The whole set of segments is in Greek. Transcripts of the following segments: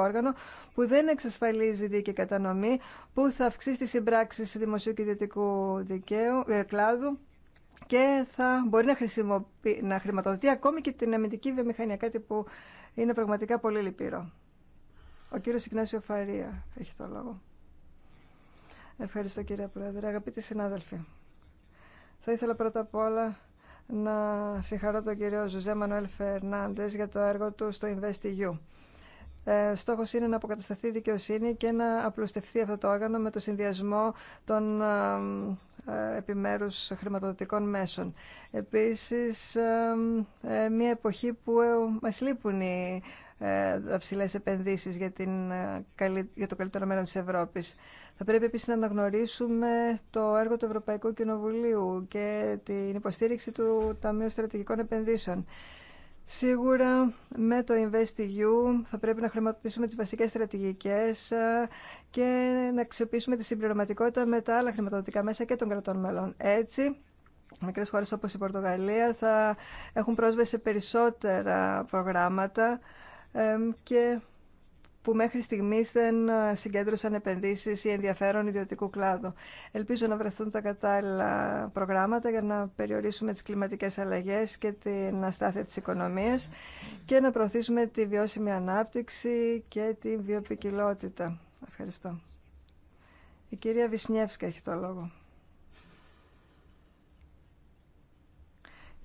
όργανο που δεν εξασφαλίζει δίκαιη κατανομή, που θα αυξήσει τις συμπράξεις δημοσίου και ιδιωτικού δικαίου, ε, κλάδου και θα μπορεί να, να χρηματοδοτεί ακόμη και την αμυντική βιομηχανία, κάτι που είναι πραγματικά πολύ λυπηρό. Ο κύριος Ιγνάσιο Φαρία έχει το λόγο. Ευχαριστώ κύριε Πρόεδρε. Αγαπητοί συνάδελφοι, θα ήθελα πρώτα απ' όλα να συγχαρώ τον κύριο Ζουζέ Μανουέλ Φερνάντες για το έργο του στο InvestEU. Ε, Στόχο είναι να αποκατασταθεί η δικαιοσύνη και να απλουστευτεί αυτό το όργανο με το συνδυασμό των ε, ε, επιμέρους χρηματοδοτικών μέσων. Επίσης, μια εποχή που μας λείπουν οι ψηλέ επενδύσει για, για το καλύτερο μέλλον της Ευρώπης. Θα πρέπει επίσης να αναγνωρίσουμε το έργο του Ευρωπαϊκού Κοινοβουλίου και την υποστήριξη του Ταμείου Στρατηγικών Επενδύσεων. Σίγουρα με το InvestEU θα πρέπει να χρηματοδοτήσουμε τις βασικές στρατηγικές ε, και να αξιοποιήσουμε τη συμπληρωματικότητα με τα άλλα χρηματοδοτικά μέσα και των κρατών μελών. Έτσι, μικρές χώρες όπως η Πορτογαλία θα έχουν πρόσβαση σε περισσότερα προγράμματα ε, και που μέχρι στιγμής δεν ε, συγκέντρωσαν επενδύσεις ή ενδιαφέρον ιδιωτικού κλάδου. Ελπίζω να βρεθούν τα κατάλληλα προγράμματα για να περιορίσουμε τις κλιματικές αλλαγές και την αστάθεια της οικονομίας και να προωθήσουμε τη βιώσιμη ανάπτυξη και τη βιοπικιλότητα. Ευχαριστώ. Η κυρία Βυσνιεύσκα έχει το λόγο.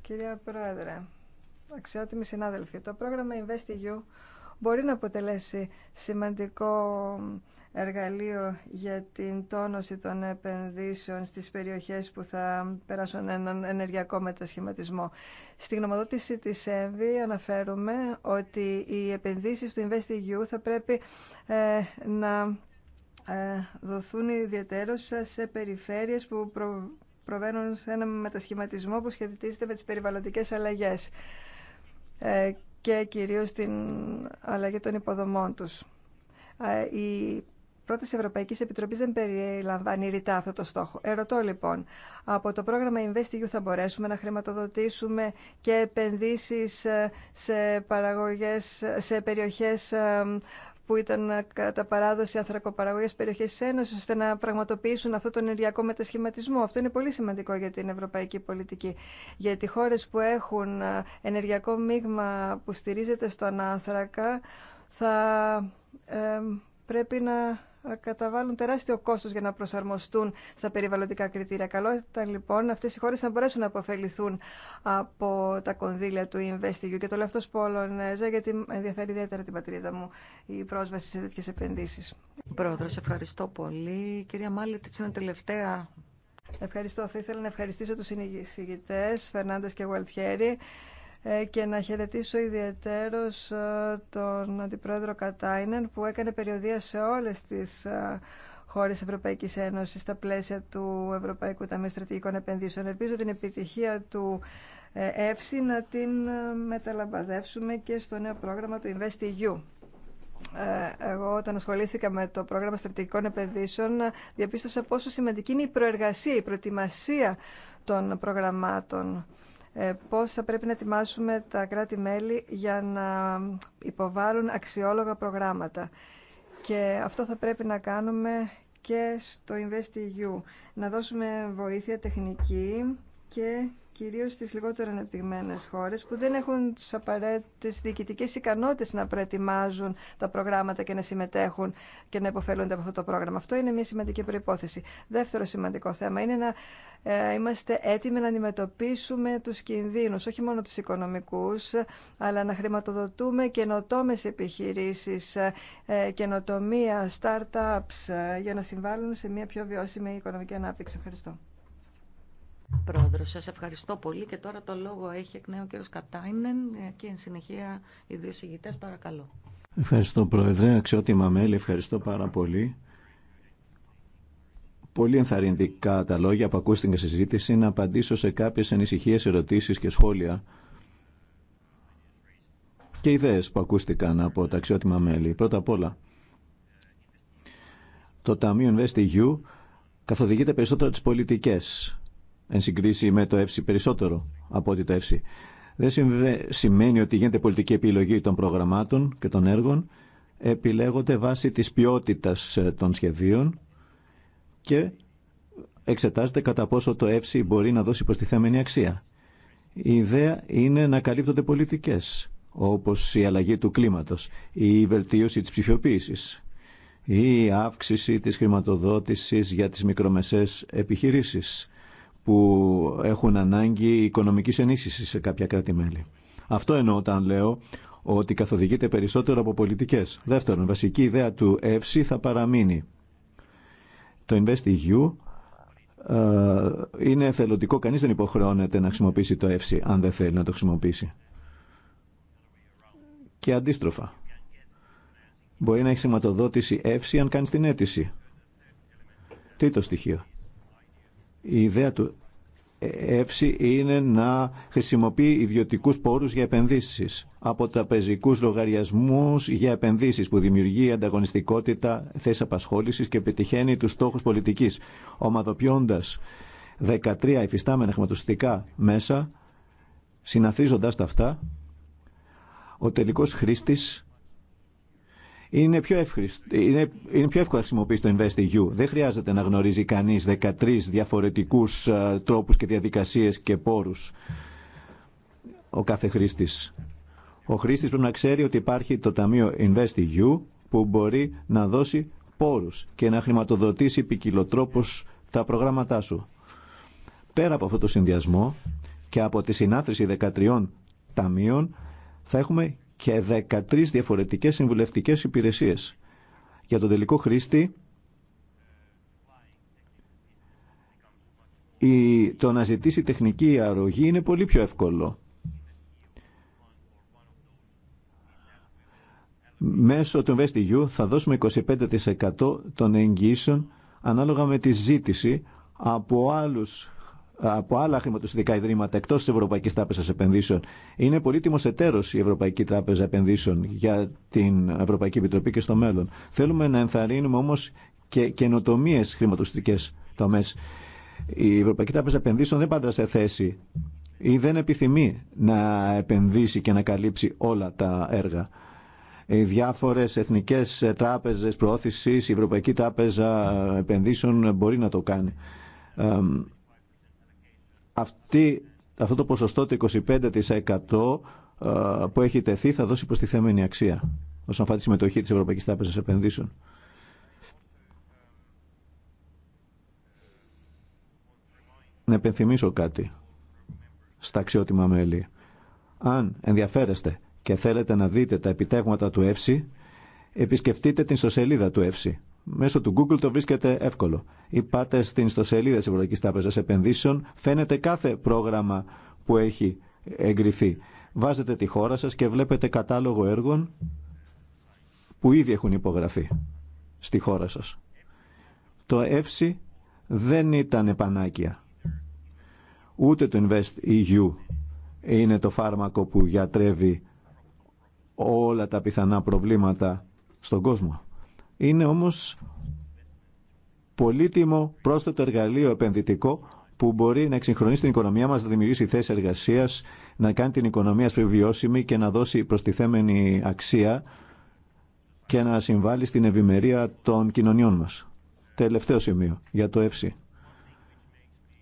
Κυρία Πρόεδρε, αξιότιμοι συνάδελφοι, το πρόγραμμα InvestEU μπορεί να αποτελέσει σημαντικό εργαλείο για την τόνωση των επενδύσεων στις περιοχές που θα περάσουν έναν ενεργειακό μετασχηματισμό. Στη γνωμοδότηση της ΕΒΗ αναφέρουμε ότι οι επενδύσεις του InvestEU θα πρέπει ε, να ε, δοθούν ιδιαίτερα σε περιφέρειες που προβαίνουν σε ένα μετασχηματισμό που σχετίζεται με τις περιβαλλοντικές αλλαγές ε, και κυρίως την αλλαγή των υποδομών τους. Η πρώτη ευρωπαϊκή Επιτροπής δεν περιλαμβάνει ρητά αυτό το στόχο. Ερωτώ λοιπόν, από το πρόγραμμα InvestEU θα μπορέσουμε να χρηματοδοτήσουμε και επενδύσεις ε, σε, παραγωγές, ε, σε περιοχές ε, που ήταν ε, κατά παράδοση ανθρακοπαραγωγές περιοχέ τη Ένωση, ώστε να πραγματοποιήσουν αυτό τον ενεργειακό μετασχηματισμό. Αυτό είναι πολύ σημαντικό για την ευρωπαϊκή πολιτική. Γιατί χώρε που έχουν ε, ενεργειακό μείγμα που στηρίζεται στον άνθρακα θα ε, πρέπει να καταβάλουν τεράστιο κόστο για να προσαρμοστούν στα περιβαλλοντικά κριτήρια. Καλό ήταν λοιπόν αυτέ οι χώρε να μπορέσουν να αποφεληθούν από τα κονδύλια του InvestEU. Και το λέω αυτό Πολωνέζα, γιατί ενδιαφέρει ιδιαίτερα την πατρίδα μου η πρόσβαση σε τέτοιε επενδύσει. Πρόεδρο, ευχαριστώ πολύ. Κυρία Μάλη, είναι τελευταία. Ευχαριστώ. Θα ήθελα να ευχαριστήσω του συνηγητέ, Φερνάντε και Γουαλτιέρη ε, και να χαιρετήσω ιδιαίτερος ε, τον Αντιπρόεδρο Κατάινεν που έκανε περιοδία σε όλες τις ε, χώρες Ευρωπαϊκής Ένωσης στα πλαίσια του Ευρωπαϊκού Ταμείου Στρατηγικών Επενδύσεων. Ελπίζω την επιτυχία του ΕΦΣΙ να την μεταλαμπαδεύσουμε και στο νέο πρόγραμμα του InvestEU. Εγώ όταν ασχολήθηκα με το πρόγραμμα στρατηγικών επενδύσεων διαπίστωσα πόσο σημαντική είναι η προεργασία, η προετοιμασία των προγραμμάτων ε, πώς θα πρέπει να ετοιμάσουμε τα κράτη-μέλη για να υποβάλουν αξιόλογα προγράμματα. Και αυτό θα πρέπει να κάνουμε και στο InvestEU. Να δώσουμε βοήθεια τεχνική και κυρίως στις λιγότερο ανεπτυγμένες χώρες που δεν έχουν τις απαραίτητες διοικητικές ικανότητες να προετοιμάζουν τα προγράμματα και να συμμετέχουν και να υποφελούνται από αυτό το πρόγραμμα. Αυτό είναι μια σημαντική προϋπόθεση. Δεύτερο σημαντικό θέμα είναι να ε, είμαστε έτοιμοι να αντιμετωπίσουμε τους κινδύνους, όχι μόνο τους οικονομικούς, αλλά να χρηματοδοτούμε καινοτόμε επιχειρήσεις, ε, ε, καινοτομία, startups, για να συμβάλλουν σε μια πιο βιώσιμη οικονομική ανάπτυξη. Ευχαριστώ. Πρόεδρο, σας ευχαριστώ πολύ και τώρα το λόγο έχει εκ νέου ο κύριος Κατάινεν και εν συνεχεία οι δύο συγγητές παρακαλώ. Ευχαριστώ Πρόεδρε, αξιότιμα μέλη, ευχαριστώ πάρα πολύ. Πολύ ενθαρρυντικά τα λόγια που ακούστηκαν στη συζήτηση να απαντήσω σε κάποιες ανησυχίες, ερωτήσεις και σχόλια και ιδέες που ακούστηκαν από τα αξιότιμα μέλη. Πρώτα απ' όλα, το Ταμείο InvestEU καθοδηγείται περισσότερο τις πολιτικές εν συγκρίση με το ΕΦΣΙ περισσότερο από ότι το ΕΦΣΙ. Δεν σημαίνει ότι γίνεται πολιτική επιλογή των προγραμμάτων και των έργων. Επιλέγονται βάσει της ποιότητας ε, των σχεδίων και εξετάζεται κατά πόσο το ΕΦΣΙ μπορεί να δώσει προστιθέμενη αξία. Η ιδέα είναι να καλύπτονται πολιτικές, όπως η αλλαγή του κλίματος, η βελτίωση της ψηφιοποίησης, η αύξηση της χρηματοδότησης για τις μικρομεσαίες επιχειρήσεις, που έχουν ανάγκη οικονομικής ενίσχυσης σε κάποια κράτη-μέλη. Αυτό εννοώ όταν λέω ότι καθοδηγείται περισσότερο από πολιτικές. Δεύτερον, βασική ιδέα του ΕΦΣΥ θα παραμείνει. Το InvestEU ε, είναι εθελοντικό, κανείς δεν υποχρεώνεται να χρησιμοποιήσει το ΕΦΣΥ αν δεν θέλει να το χρησιμοποιήσει. Και αντίστροφα. Μπορεί να έχει σηματοδότηση εύση αν κάνει την αίτηση. Τρίτο στοιχείο. Η ιδέα του ΕΦΣΙ είναι να χρησιμοποιεί ιδιωτικούς πόρους για επενδύσεις από τα ταπεζικούς λογαριασμούς για επενδύσεις που δημιουργεί ανταγωνιστικότητα θέση απασχόλησης και επιτυχαίνει τους στόχους πολιτικής ομαδοποιώντας 13 εφιστάμενα χρηματοστικά μέσα συναθίζοντας τα αυτά ο τελικός χρήστης είναι πιο, εύχριστο, είναι, είναι πιο εύκολα χρησιμοποιήσει το InvestEU. Δεν χρειάζεται να γνωρίζει κανεί 13 διαφορετικούς ε, τρόπου και διαδικασίε και πόρου ο κάθε χρήστη. Ο Χρήστη πρέπει να ξέρει ότι υπάρχει το ταμείο InvestEU που μπορεί να δώσει πόρους και να χρηματοδοτήσει ποικιλοτρόπω τα προγράμματά σου. Πέρα από αυτό το συνδυασμό και από τη συνάθρηση 13 ταμείων θα έχουμε και 13 διαφορετικές συμβουλευτικές υπηρεσίες. Για τον τελικό χρήστη, η, το να ζητήσει τεχνική αρρωγή είναι πολύ πιο εύκολο. Μέσω του InvestEU θα δώσουμε 25% των εγγύσεων ανάλογα με τη ζήτηση από άλλους από άλλα χρηματοσυντικά ιδρύματα εκτό τη Ευρωπαϊκή Τράπεζα Επενδύσεων. Είναι πολύτιμο εταίρο η Ευρωπαϊκή Τράπεζα Επενδύσεων για την Ευρωπαϊκή Επιτροπή και στο μέλλον. Θέλουμε να ενθαρρύνουμε όμω και καινοτομίε χρηματοσυντικέ τομέ. Η Ευρωπαϊκή Τράπεζα Επενδύσεων δεν πάντα σε θέση ή δεν επιθυμεί να επενδύσει και να καλύψει όλα τα έργα. Οι διάφορες εθνικές τράπεζε προώθηση, η Ευρωπαϊκή Τράπεζα Επενδύσεων μπορεί να το κάνει. Αυτή, αυτό το ποσοστό το 25% ε, που έχει τεθεί θα δώσει προστιθέμενη αξία όσον αφορά τη συμμετοχή της Ευρωπαϊκής Τράπεζας Επενδύσεων. Να επενθυμίσω κάτι στα αξιότιμα μέλη. Αν ενδιαφέρεστε και θέλετε να δείτε τα επιτέγματα του ΕΦΣΥ, επισκεφτείτε την ιστοσελίδα του ΕΦΣΥ Μέσω του Google το βρίσκεται εύκολο. Ή πάτε στην ιστοσελίδα της Ευρωπαϊκής Τράπεζας Επενδύσεων, φαίνεται κάθε πρόγραμμα που έχει εγκριθεί. Βάζετε τη χώρα σας και βλέπετε κατάλογο έργων που ήδη έχουν υπογραφεί στη χώρα σας. Το ΕΦΣΙ δεν ήταν επανάκια. Ούτε το Invest EU είναι το φάρμακο που γιατρεύει όλα τα πιθανά προβλήματα στον κόσμο. Είναι όμως πολύτιμο πρόσθετο εργαλείο επενδυτικό που μπορεί να εξυγχρονίσει την οικονομία μας, να δημιουργήσει θέσεις εργασίας, να κάνει την οικονομία σφιβιώσιμη και να δώσει προστιθέμενη αξία και να συμβάλλει στην ευημερία των κοινωνιών μας. Τελευταίο σημείο για το ΕΦΣΥ.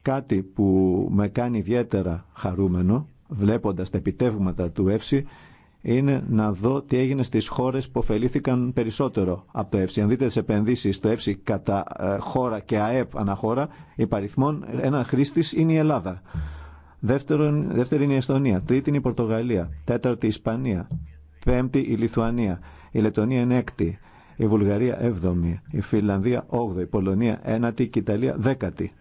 Κάτι που με κάνει ιδιαίτερα χαρούμενο, βλέποντας τα επιτεύγματα του ΕΦΣΥ, είναι να δω τι έγινε στις χώρες που ωφελήθηκαν περισσότερο από το ΕΦΣΙ. Αν δείτε τις επενδύσεις στο ΕΦΣΙ κατά ε, χώρα και ΑΕΠ αναχώρα, υπαριθμών ένα χρήστη είναι η Ελλάδα. Δεύτερον, δεύτερη είναι η Εστονία, τρίτη είναι η Πορτογαλία, τέταρτη η Ισπανία, πέμπτη η Λιθουανία, η Λετωνία είναι έκτη, η Βουλγαρία έβδομη, η Φιλανδία όγδοη, η Πολωνία ένατη και η Ιταλία δέκατη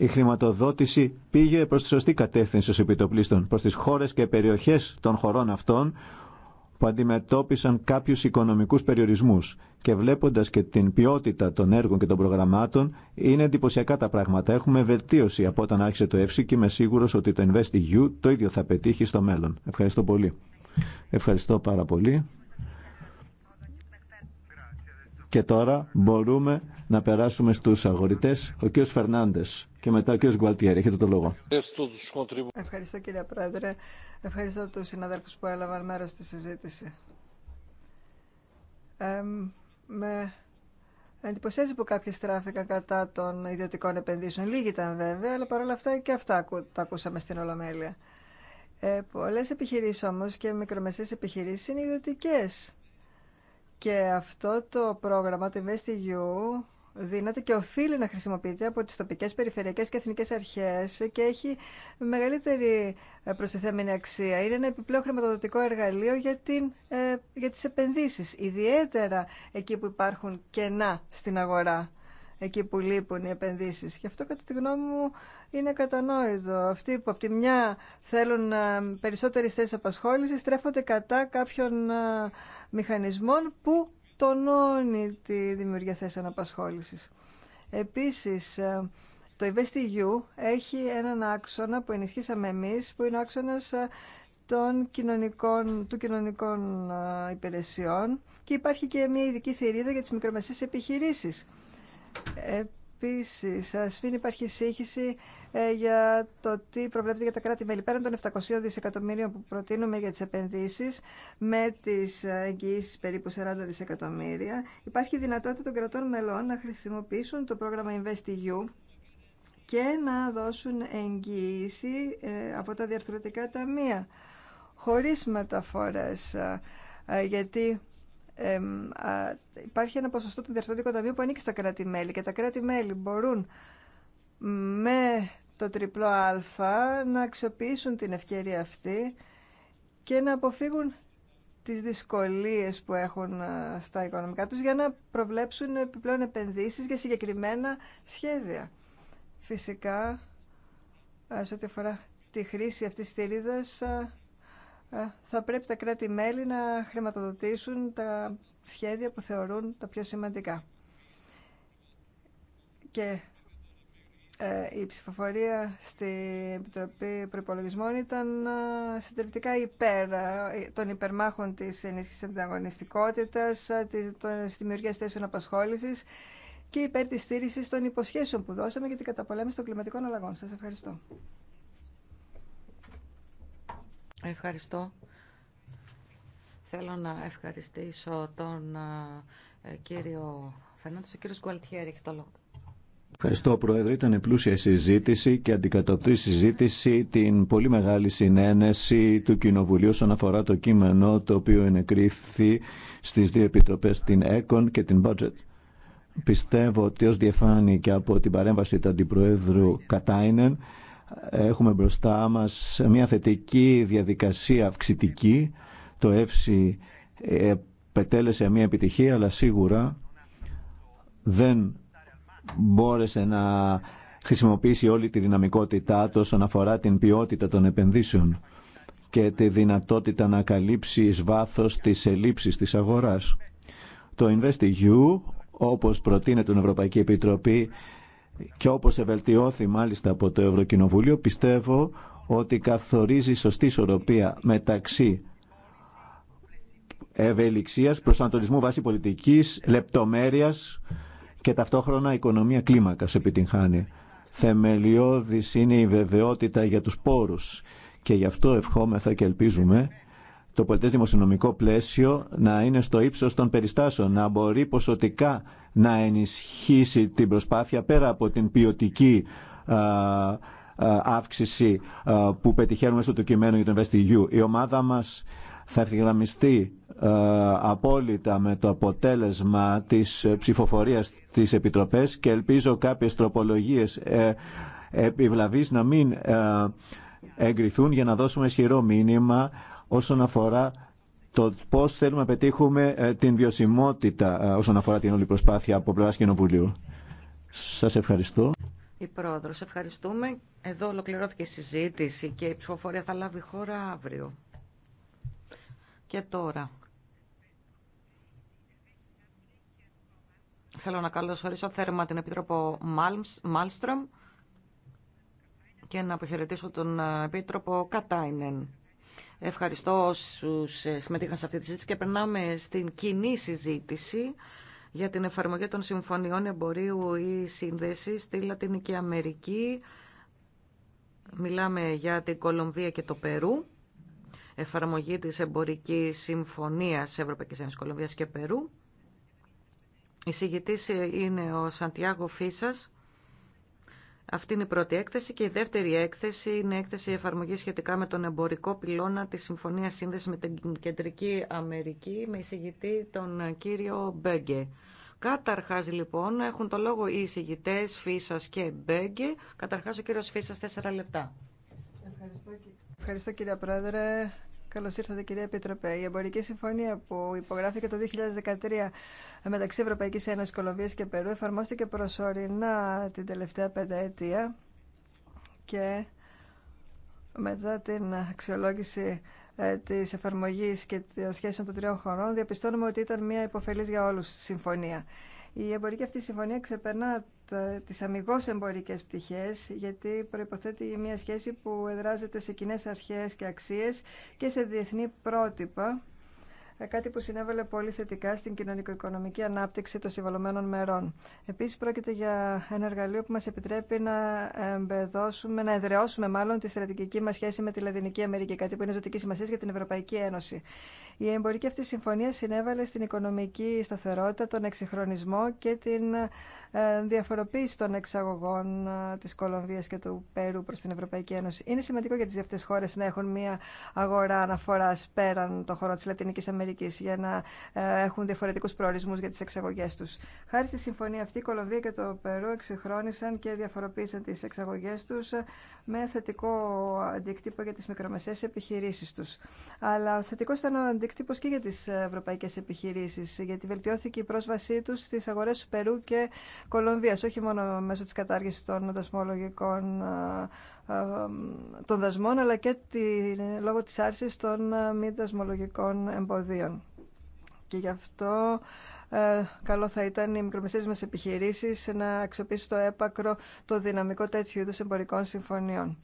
η χρηματοδότηση πήγε προς τη σωστή κατεύθυνση στους επιτοπλίστων, προς τις χώρες και περιοχές των χωρών αυτών που αντιμετώπισαν κάποιους οικονομικούς περιορισμούς και βλέποντας και την ποιότητα των έργων και των προγραμμάτων είναι εντυπωσιακά τα πράγματα. Έχουμε βελτίωση από όταν άρχισε το ΕΦΣΥ και είμαι σίγουρο ότι το InvestEU το ίδιο θα πετύχει στο μέλλον. Ευχαριστώ πολύ. Ευχαριστώ πάρα πολύ. Και τώρα μπορούμε να περάσουμε στου αγορητέ, ο κ. Φερνάντε και μετά ο κ. Γκουαλτιέρη. Έχετε το λόγο. Ευχαριστώ κύριε Πρόεδρε. Ευχαριστώ του συναδέλφου που έλαβαν μέρο στη συζήτηση. Ε, με εντυπωσιάζει που κάποιοι στράφηκαν κατά των ιδιωτικών επενδύσεων. Λίγοι ήταν βέβαια, αλλά παρόλα αυτά και αυτά τα ακούσαμε στην Ολομέλεια. Ε, Πολλέ επιχειρήσει όμω και μικρομεσαίε επιχειρήσει είναι ιδιωτικέ. Και αυτό το πρόγραμμα, το InvestEU, δύναται και οφείλει να χρησιμοποιείται από τις τοπικές, περιφερειακές και εθνικές αρχές και έχει μεγαλύτερη προσθεθέμενη αξία. Είναι ένα επιπλέον χρηματοδοτικό εργαλείο για, την, ε, για τις επενδύσεις, ιδιαίτερα εκεί που υπάρχουν κενά στην αγορά εκεί που λείπουν οι επενδύσεις. Και αυτό κατά τη γνώμη μου είναι κατανόητο. Αυτοί που από τη μια θέλουν ε, περισσότερες θέσεις απασχόλησης στρέφονται κατά κάποιων ε, μηχανισμών που τονώνει τη δημιουργία θέσεων απασχόλησης. Επίσης, ε, το InvestEU έχει έναν άξονα που ενισχύσαμε εμείς, που είναι ο άξονας των κοινωνικών, του κοινωνικών υπηρεσιών και υπάρχει και μια ειδική θηρίδα για τις μικρομεσαίες επιχειρήσεις Επίσης, α μην υπάρχει σύγχυση ε, για το τι προβλέπεται για τα κράτη-μέλη. Πέραν των 700 δισεκατομμύριων που προτείνουμε για τις επενδύσεις, με τις εγγύήσει περίπου 40 δισεκατομμύρια, υπάρχει δυνατότητα των κρατών μελών να χρησιμοποιήσουν το πρόγραμμα InvestEU και να δώσουν εγγύηση ε, από τα διαρθρωτικά ταμεία, χωρίς μεταφορές, ε, γιατί α, υπάρχει ένα ποσοστό του Διευθυντικού Ταμείου που ανήκει στα κράτη-μέλη και τα κράτη-μέλη μπορούν με το τριπλό α να αξιοποιήσουν την ευκαιρία αυτή και να αποφύγουν τις δυσκολίες που έχουν στα οικονομικά τους για να προβλέψουν επιπλέον επενδύσεις για συγκεκριμένα σχέδια. Φυσικά, σε ό,τι αφορά τη χρήση αυτής της θηρίδας, ε, θα πρέπει τα κράτη-μέλη να χρηματοδοτήσουν τα σχέδια που θεωρούν τα πιο σημαντικά. Και ε, η ψηφοφορία στην Επιτροπή Προπολογισμών ήταν ε, συντριπτικά υπέρ των υπερμάχων της ενίσχυσης ανταγωνιστικότητας, της δημιουργίας θέσεων απασχόλησης και υπέρ της στήρισης των υποσχέσεων που δώσαμε για την καταπολέμηση των κλιματικών αλλαγών. Σας ευχαριστώ. Ευχαριστώ. Θέλω να ευχαριστήσω τον ε, κύριο Φερνάντος, ο κύριο Γκουαλτιέρη έχει το λόγο. Ευχαριστώ Πρόεδρε, ήταν πλούσια η συζήτηση και αντικατοπτρή συζήτηση την πολύ μεγάλη συνένεση του Κοινοβουλίου όσον αφορά το κείμενο το οποίο ενεκρίθη στις δύο επιτροπές, την ΕΚΟΝ και την Budget. Πιστεύω ότι ως διεφάνει και από την παρέμβαση του Αντιπροέδρου Κατάινεν, Έχουμε μπροστά μας μια θετική διαδικασία αυξητική. Το ΕΦΣΙ πετέλεσε μια επιτυχία, αλλά σίγουρα δεν μπόρεσε να χρησιμοποιήσει όλη τη δυναμικότητά του όσον αφορά την ποιότητα των επενδύσεων και τη δυνατότητα να καλύψει εις βάθος τις ελλείψεις της αγοράς. Το InvestEU, όπως προτείνεται την Ευρωπαϊκή Επιτροπή, και όπως ευελτιώθη μάλιστα από το Ευρωκοινοβουλίο πιστεύω ότι καθορίζει σωστή ισορροπία μεταξύ ευελιξίας, προσανατολισμού βάση πολιτικής, λεπτομέρειας και ταυτόχρονα οικονομία κλίμακας επιτυγχάνει. Θεμελιώδης είναι η βεβαιότητα για τους πόρους και γι' αυτό ευχόμεθα και ελπίζουμε το πολιτές δημοσιονομικό πλαίσιο να είναι στο ύψος των περιστάσεων, να μπορεί ποσοτικά να ενισχύσει την προσπάθεια πέρα από την ποιοτική αύξηση που πετυχαίνουμε στο κείμενο για το InvestEU. Η ομάδα μας θα ευθυγραμμιστεί απόλυτα με το αποτέλεσμα της ψηφοφορίας της Επιτροπές και ελπίζω κάποιες τροπολογίες ε, επιβλαβής να μην ε, εγκριθούν για να δώσουμε ισχυρό μήνυμα όσον αφορά το πώ θέλουμε να πετύχουμε ε, την βιωσιμότητα ε, όσον αφορά την όλη προσπάθεια από πλευρά Κοινοβουλίου. Σα ευχαριστώ. Η πρόεδρο, ευχαριστούμε. Εδώ ολοκληρώθηκε η συζήτηση και η ψηφοφορία θα λάβει χώρα αύριο. Και τώρα. Θέλω να καλωσορίσω θέρμα την Επίτροπο Μάλστρομ και να αποχαιρετήσω τον ε, Επίτροπο Κατάινεν. Ευχαριστώ όσου ε, συμμετείχαν σε αυτή τη συζήτηση και περνάμε στην κοινή συζήτηση για την εφαρμογή των συμφωνιών εμπορίου ή σύνδεση στη Λατινική Αμερική. Μιλάμε για την Κολομβία και το Περού. Εφαρμογή της εμπορικής συμφωνίας Ευρωπαϊκής Ένωσης Κολομβίας και Περού. Η ε, είναι ο Σαντιάγο Φίσας αυτή είναι η πρώτη έκθεση και η δεύτερη έκθεση είναι έκθεση εφαρμογή σχετικά με τον εμπορικό πυλώνα τη συμφωνία Σύνδεση με την Κεντρική Αμερική με εισηγητή τον κύριο Μπέγκε. Καταρχάς λοιπόν έχουν το λόγο οι εισηγητέ Φίσα και Μπέγκε. Καταρχάς ο κύριος Φίσα τέσσερα λεπτά. Ευχαριστώ κύριε Πρόεδρε. Καλώ ήρθατε, κυρία Επίτροπε. Η εμπορική συμφωνία που υπογράφηκε το 2013 μεταξύ Ευρωπαϊκή Ένωση, Κολομβία και Περού εφαρμόστηκε προσωρινά την τελευταία πενταετία και μετά την αξιολόγηση ε, τη εφαρμογή και των σχέσεων των τριών χωρών, διαπιστώνουμε ότι ήταν μια υποφελή για όλου συμφωνία. Η εμπορική αυτή συμφωνία ξεπερνά ε, τις αμυγός εμπορικές πτυχές, γιατί προϋποθέτει μια σχέση που εδράζεται σε κοινέ αρχές και αξίες και σε διεθνή πρότυπα ε, κάτι που συνέβαλε πολύ θετικά στην κοινωνικο-οικονομική ανάπτυξη των συμβαλωμένων μερών. Επίση, πρόκειται για ένα εργαλείο που μα επιτρέπει να εμπεδώσουμε, να εδραιώσουμε μάλλον τη στρατηγική μα σχέση με τη Λατινική Αμερική, κάτι που είναι ζωτική σημασία για την Ευρωπαϊκή Ένωση. Η εμπορική αυτή συμφωνία συνέβαλε στην οικονομική σταθερότητα, τον εξυγχρονισμό και την ε, διαφοροποίηση των εξαγωγών ε, τη Κολομβία και του Πέρου προ την Ευρωπαϊκή Ένωση. Είναι σημαντικό για τι δεύτερε χώρε να έχουν μια αγορά αναφορά πέραν των χωρών τη Λατινική Αμερική για να ε, έχουν διαφορετικού προορισμού για τι εξαγωγέ του. Χάρη στη συμφωνία αυτή, η Κολομβία και το Περού εξυγχρόνησαν και διαφοροποίησαν τι εξαγωγέ του ε, με θετικό αντίκτυπο για τι μικρομεσαίες επιχειρήσει του. Αλλά θετικό ήταν ο αντίκτυπος και για τι ευρωπαϊκέ επιχειρήσει, γιατί βελτιώθηκε η πρόσβασή του στι αγορέ του Περού και Κολομβίας, όχι μόνο μέσω τη κατάργηση των δασμολογικών ε, των δασμών, αλλά και τη, λόγω της άρσης των μη δασμολογικών εμποδίων. Και γι' αυτό ε, καλό θα ήταν οι μικρομεσαίες μας επιχειρήσεις να αξιοποιήσουν το έπακρο το δυναμικό τέτοιου είδους εμπορικών συμφωνιών.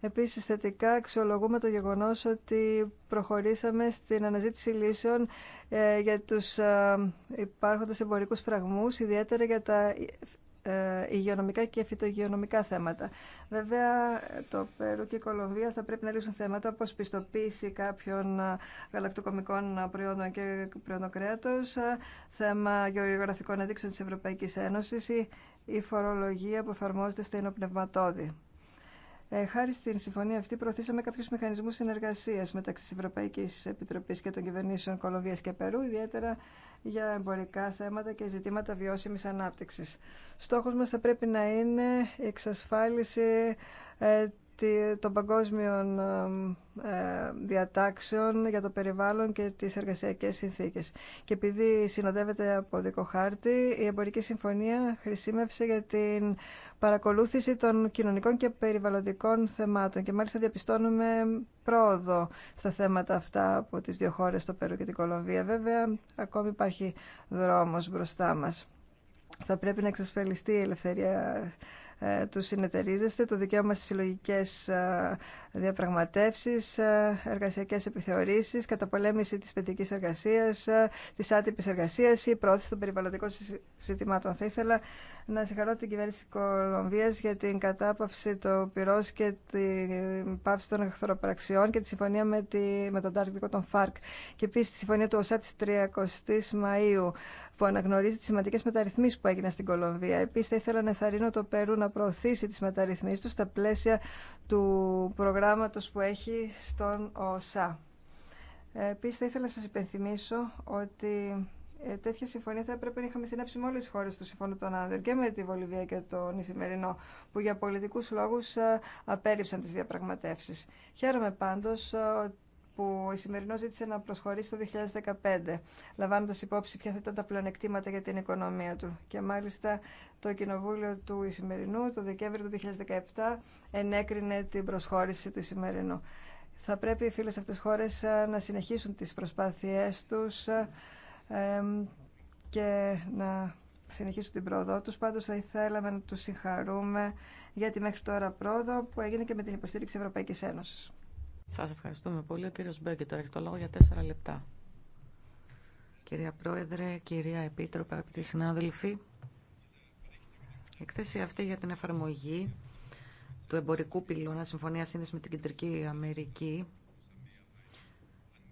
Επίσης θετικά αξιολογούμε το γεγονός ότι προχωρήσαμε στην αναζήτηση λύσεων ε, για τους ε, υπάρχοντες εμπορικούς φραγμούς, ιδιαίτερα για τα ε, υγειονομικά και φυτογειονομικά θέματα. Βέβαια, το Περού και η Κολομβία θα πρέπει να λύσουν θέματα όπως πιστοποίηση κάποιων ε, γαλακτοκομικών προϊόντων και προϊόντων κρέατο, ε, θέμα γεωγραφικών ενδείξεων τη ευρωπαϊκή Ένωση. η φορολογια που εφαρμόζεται στα ενοπνευματόδη. Ε, χάρη στην συμφωνία αυτή προωθήσαμε κάποιου μηχανισμού συνεργασία μεταξύ τη Ευρωπαϊκή Επιτροπή και των κυβερνήσεων Κολομβία και Περού, ιδιαίτερα για εμπορικά θέματα και ζητήματα βιώσιμη ανάπτυξη. Στόχο μα θα πρέπει να είναι η εξασφάλιση ε, των παγκόσμιων ε, διατάξεων για το περιβάλλον και τις εργασιακές συνθήκες. Και επειδή συνοδεύεται από δικό χάρτη, η Εμπορική Συμφωνία χρησιμεύσε για την παρακολούθηση των κοινωνικών και περιβαλλοντικών θεμάτων και μάλιστα διαπιστώνουμε πρόοδο στα θέματα αυτά από τις δύο χώρες, το Περού και την Κολομβία. Βέβαια, ακόμη υπάρχει δρόμος μπροστά μας. Θα πρέπει να εξασφαλιστεί η ελευθερία ε, τους συνεταιρίζεστε, το δικαίωμα στις συλλογικές ε, διαπραγματεύσεις, ε, εργασιακές επιθεωρήσεις, καταπολέμηση της παιδικής εργασίας, της άτυπης εργασίας ή πρόθεση των περιβαλλοντικών ζητημάτων. Θα ήθελα να συγχαρώ την κυβέρνηση τη Κολομβίας για την κατάπαυση του πυρός και την πάυση των εχθροπραξιών και τη συμφωνία με, τη, με τον Τάρκτικο των ΦΑΡΚ και επίση τη συμφωνία του ΟΣΑ τη 30 η Μαΐου που αναγνωρίζει τι σημαντικέ μεταρρυθμίσεις που έγιναν στην Κολομβία. Επίση, θα ήθελα να εθαρρύνω το Περού να προωθήσει τις μεταρρυθμίσεις του στα πλαίσια του προγράμματος που έχει στον ΟΣΑ. Επίσης, θα ήθελα να σας υπενθυμίσω ότι ε, τέτοια συμφωνία θα έπρεπε να είχαμε συνάψει με όλε τι χώρε του Συμφώνου των Άνδρων και με τη Βολιβία και τον Ισημερινό, που για πολιτικού λόγου ε, απέρριψαν τι διαπραγματεύσει. Χαίρομαι πάντω ε, που η σημερινό ζήτησε να προσχωρήσει το 2015, λαμβάνοντα υπόψη ποια θα ήταν τα πλεονεκτήματα για την οικονομία του. Και μάλιστα το Κοινοβούλιο του Ισημερινού το Δεκέμβριο του 2017 ενέκρινε την προσχώρηση του Ισημερινού. Θα πρέπει οι φίλες αυτές χώρες ε, να συνεχίσουν τις προσπάθειές τους ε, και να συνεχίσουν την πρόοδό τους. Πάντως θα ήθελαμε να τους συγχαρούμε για τη μέχρι τώρα πρόοδο που έγινε και με την υποστήριξη Ευρωπαϊκής Ένωσης. Σας ευχαριστούμε πολύ. Ο κύριος Μπέγκε έχει το λόγο για τέσσερα λεπτά. Κυρία Πρόεδρε, κυρία Επίτροπε, αγαπητοί συνάδελφοι, η εκθέση αυτή για την εφαρμογή του εμπορικού πυλώνα Συμφωνία Σύνδεση με την Κεντρική Αμερική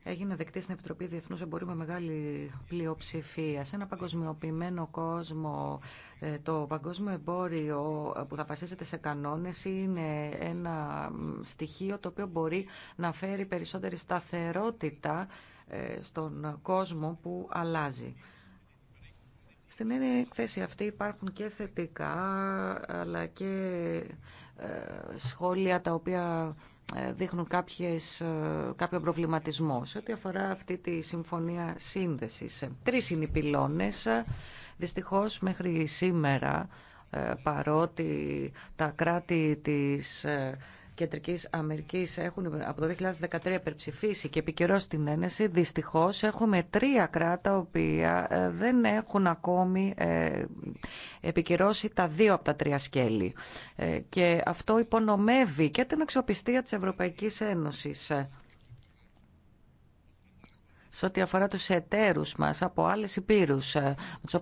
έγινε δεκτή στην Επιτροπή Διεθνούς Εμπορίου με μεγάλη πλειοψηφία. Σε ένα παγκοσμιοποιημένο κόσμο, ε, το παγκόσμιο εμπόριο που θα βασίζεται σε κανόνες είναι ένα στοιχείο το οποίο μπορεί να φέρει περισσότερη σταθερότητα ε, στον κόσμο που αλλάζει. Στην έκθεση αυτή υπάρχουν και θετικά αλλά και ε, σχόλια τα οποία ε, δείχνουν κάποιες, ε, κάποιο προβληματισμό σε ό,τι αφορά αυτή τη συμφωνία σύνδεσης. Τρεις είναι οι πυλώνες. Δυστυχώς μέχρι σήμερα ε, παρότι τα κράτη της Κεντρική Αμερική έχουν από το 2013 υπερψηφίσει και επικυρώσει την ένεση. Δυστυχώ έχουμε τρία κράτα οποία ε, δεν έχουν ακόμη ε, επικυρώσει τα δύο από τα τρία σκέλη. Ε, και αυτό υπονομεύει και την αξιοπιστία τη Ευρωπαϊκή Ένωση. σε ό,τι αφορά τους εταίρους μας από άλλες υπήρους, με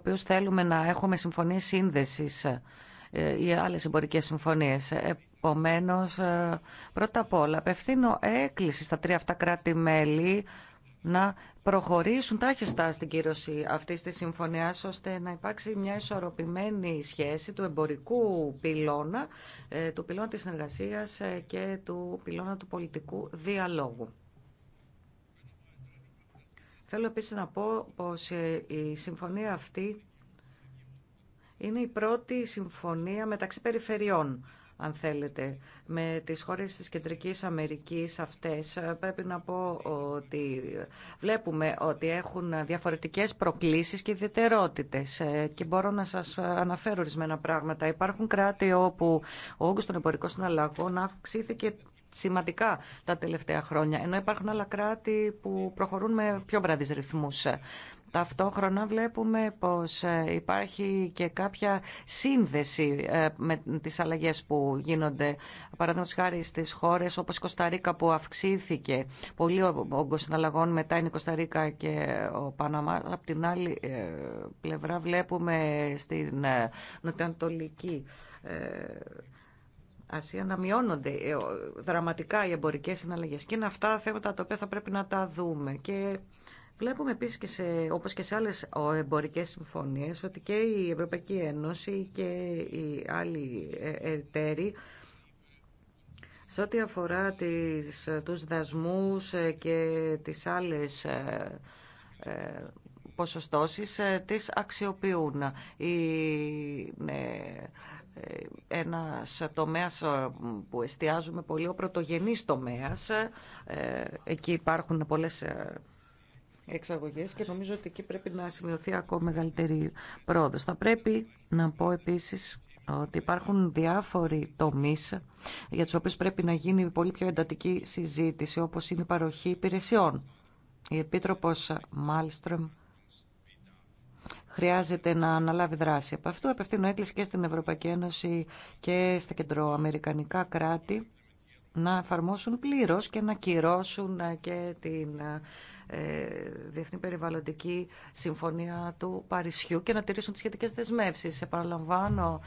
τους θέλουμε να έχουμε συμφωνίες σύνδεσης ή άλλε εμπορικές συμφωνίες. Επομένως, ε, πρώτα απ' όλα, απευθύνω έκκληση στα τρία αυτά κράτη-μέλη να προχωρήσουν τάχιστα στην κύρωση αυτής της συμφωνίας ώστε να υπάρξει μια ισορροπημένη σχέση του εμπορικού πυλώνα, ε, του πυλώνα της συνεργασίας ε, και του πυλώνα του πολιτικού διαλόγου. Θέλω επίσης να πω πως η συμφωνία αυτή είναι η πρώτη συμφωνία μεταξύ περιφερειών αν θέλετε, με τις χώρες της Κεντρικής Αμερικής αυτές, ε, πρέπει να πω ότι βλέπουμε ότι έχουν διαφορετικές προκλήσεις και ιδιαιτερότητες ε, και μπορώ να σας αναφέρω ορισμένα πράγματα. Υπάρχουν κράτη όπου ο όγκος των εμπορικών συναλλαγών αυξήθηκε σημαντικά τα τελευταία χρόνια, ενώ υπάρχουν άλλα κράτη που προχωρούν με πιο βραδείς ρυθμούς. Ταυτόχρονα βλέπουμε πως ε, υπάρχει και κάποια σύνδεση ε, με τις αλλαγές που γίνονται. Παραδείγματο χάρη στις χώρες όπως η Κωνσταντίνα που αυξήθηκε πολύ ο όγκος συναλλαγών, μετά είναι η Κωνσταντίνα και ο Παναμά. Από την άλλη ε, πλευρά βλέπουμε στην νοτιοανατολική Ασία να μειώνονται δραματικά οι εμπορικές συναλλαγές. Και είναι αυτά θέματα τα οποία θα πρέπει να τα δούμε. Βλέπουμε επίσης και σε, όπως και σε άλλες ε, εμπορικές συμφωνίες ότι και η Ευρωπαϊκή Ένωση και οι άλλοι ε, εταίροι σε ό,τι αφορά τις, ε, τους δασμούς και τις άλλες ποσοστώσεις τις αξιοποιούν. ένα ένας τομέας που εστιάζουμε πολύ, ο πρωτογενής τομέας. Εκεί υπάρχουν πολλές εξαγωγές και νομίζω ότι εκεί πρέπει να σημειωθεί ακόμα μεγαλύτερη πρόοδος. Θα πρέπει να πω επίσης ότι υπάρχουν διάφοροι τομείς για τους οποίους πρέπει να γίνει πολύ πιο εντατική συζήτηση, όπως είναι η παροχή υπηρεσιών. Η Επίτροπος Μάλστρομ χρειάζεται να αναλάβει δράση. Από αυτού απευθύνω έκκληση και στην Ευρωπαϊκή Ένωση και στα κεντροαμερικανικά κράτη να εφαρμόσουν πλήρως και να κυρώσουν και την ε, Διεθνή Περιβαλλοντική Συμφωνία του Παρισιού και να τηρήσουν τις σχετικές δεσμεύσεις. Επαναλαμβάνω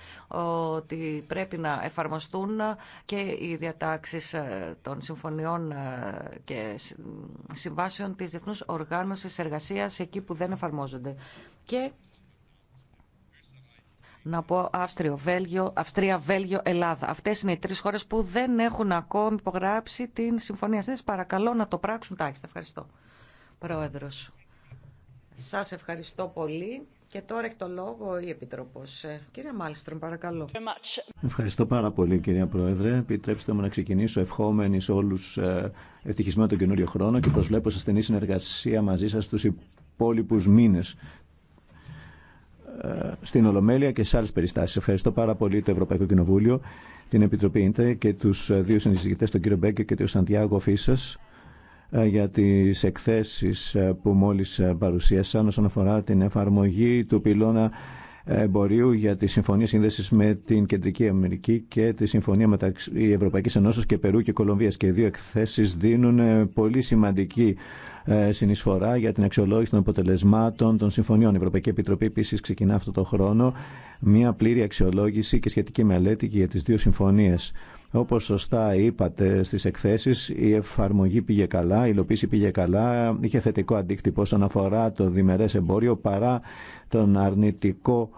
ότι πρέπει να εφαρμοστούν και οι διατάξεις ε, των συμφωνιών ε, και συμβάσεων της Διεθνούς Οργάνωσης Εργασίας εκεί που δεν εφαρμόζονται. Και να πω Βέλγιο, Αυστρία, Βέλγιο, Ελλάδα. Αυτέ είναι οι τρει χώρε που δεν έχουν ακόμη υπογράψει την συμφωνία. Σα παρακαλώ να το πράξουν τάχιστα. Ευχαριστώ. Πρόεδρος. Σας ευχαριστώ πολύ. Και τώρα έχει το λόγο η Επιτροπός. Ε, Κύριε Μάλστρον, παρακαλώ. Ευχαριστώ πάρα πολύ, κυρία Πρόεδρε. Επιτρέψτε μου να ξεκινήσω ευχόμενοι σε όλους ε, ευτυχισμένο τον καινούριο χρόνο και προσβλέπω σε στενή συνεργασία μαζί σας τους υπόλοιπους μήνες ε, στην Ολομέλεια και σε άλλε περιστάσει. Ευχαριστώ πάρα πολύ το Ευρωπαϊκό Κοινοβούλιο, την Επιτροπή ΙΝΤΕ και του δύο συνεισηγητέ, τον κύριο Μπέκε και τον Σαντιάγο Φίσα, ε, για τις εκθέσεις ε, που μόλις ε, παρουσίασαν όσον αφορά την εφαρμογή του πυλώνα εμπορίου για τη Συμφωνία Σύνδεση με την Κεντρική Αμερική και τη Συμφωνία μεταξύ Ευρωπαϊκή Ενώσεω και Περού και Κολομβία. Και οι δύο εκθέσει δίνουν πολύ σημαντική συνεισφορά για την αξιολόγηση των αποτελεσμάτων των συμφωνιών. Η Ευρωπαϊκή Επιτροπή επίση ξεκινά αυτό το χρόνο μια πλήρη αξιολόγηση και σχετική μελέτη για τι δύο συμφωνίε. Όπως σωστά είπατε στις εκθέσεις, η εφαρμογή πήγε καλά, η υλοποίηση πήγε καλά, είχε θετικό αντίκτυπο όσον αφορά το διμερές εμπόριο παρά τον αρνητικό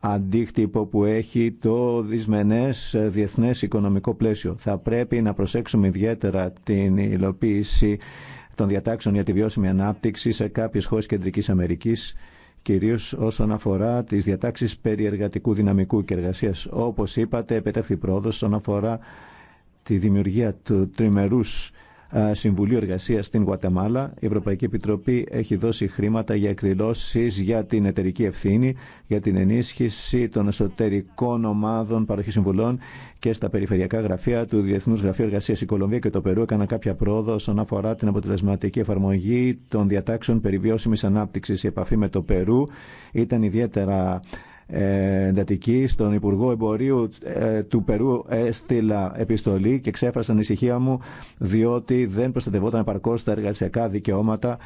αντίκτυπο που έχει το δυσμενές διεθνές οικονομικό πλαίσιο. Θα πρέπει να προσέξουμε ιδιαίτερα την υλοποίηση των διατάξεων για τη βιώσιμη ανάπτυξη σε κάποιες χώρες Κεντρικής Αμερικής κυρίως όσον αφορά τις διατάξεις περί εργατικού δυναμικού και εργασίας. Όπως είπατε, επετεύχθη πρόοδος όσον αφορά τη δημιουργία του τριμερούς ε, Συμβουλίου Εργασία στην Γουατεμάλα. Η Ευρωπαϊκή Επιτροπή έχει δώσει χρήματα για εκδηλώσει για την εταιρική ευθύνη, για την ενίσχυση των εσωτερικών ομάδων παροχή συμβουλών και στα περιφερειακά γραφεία του Διεθνού Γραφείου Εργασία. Η Κολομβία και το Περού έκαναν κάποια πρόοδο όσον αφορά την αποτελεσματική εφαρμογή των διατάξεων περιβιώσιμη ανάπτυξη. Η επαφή με το Περού ήταν ιδιαίτερα εντατική. Στον Υπουργό Εμπορίου ε, του Περού έστειλα επιστολή και ξέφρασα ανησυχία μου διότι δεν προστατευόταν επαρκώ τα εργασιακά δικαιώματα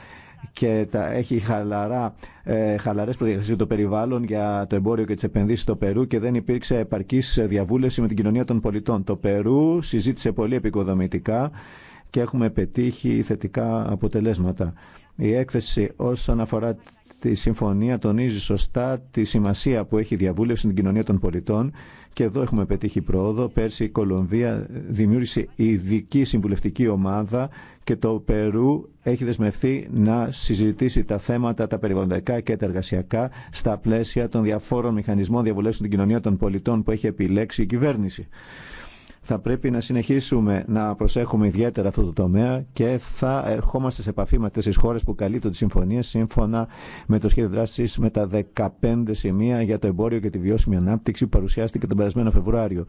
και τα, έχει χαλαρά, ε, χαλαρές προδιαγραφές το περιβάλλον για το εμπόριο και τις επενδύσεις στο Περού και δεν υπήρξε επαρκής διαβούλευση με την κοινωνία των πολιτών. Το Περού συζήτησε πολύ επικοδομητικά και έχουμε πετύχει θετικά αποτελέσματα. Η έκθεση όσον αφορά Τη συμφωνία τονίζει σωστά τη σημασία που έχει η διαβούλευση στην κοινωνία των πολιτών και εδώ έχουμε πετύχει πρόοδο. Πέρσι η Κολομβία δημιούργησε ειδική συμβουλευτική ομάδα και το Περού έχει δεσμευθεί να συζητήσει τα θέματα τα περιβαλλοντικά και τα εργασιακά στα πλαίσια των διαφόρων μηχανισμών διαβουλεύσεων στην κοινωνία των πολιτών που έχει επιλέξει η κυβέρνηση. Θα πρέπει να συνεχίσουμε να προσέχουμε ιδιαίτερα αυτό το τομέα και θα ερχόμαστε σε επαφή με αυτέ τι χώρε που καλύπτουν τι συμφωνίε σύμφωνα με το σχέδιο δράση με τα 15 σημεία για το εμπόριο και τη βιώσιμη ανάπτυξη που παρουσιάστηκε τον περασμένο Φεβρουάριο.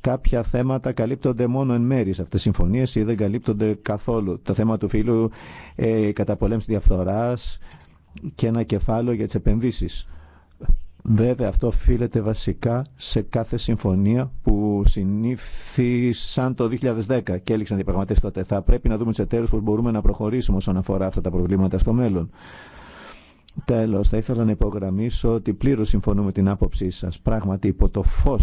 Κάποια θέματα καλύπτονται μόνο εν μέρη σε αυτέ τι συμφωνίε ή δεν καλύπτονται καθόλου. Το θέμα του φύλου, ε, η καταπολέμηση του φυλου κατά καταπολεμηση διαφθορα και ένα κεφάλαιο για τι επενδύσει Βέβαια αυτό οφείλεται βασικά σε κάθε συμφωνία που σαν το 2010 και έληξαν διαπραγματεύσει τότε. Θα πρέπει να δούμε του εταίρου πώς μπορούμε να προχωρήσουμε όσον αφορά αυτά τα προβλήματα στο μέλλον. Τέλο, θα ήθελα να υπογραμμίσω ότι πλήρω συμφωνούμε με την άποψή σα. Πράγματι, υπό το φω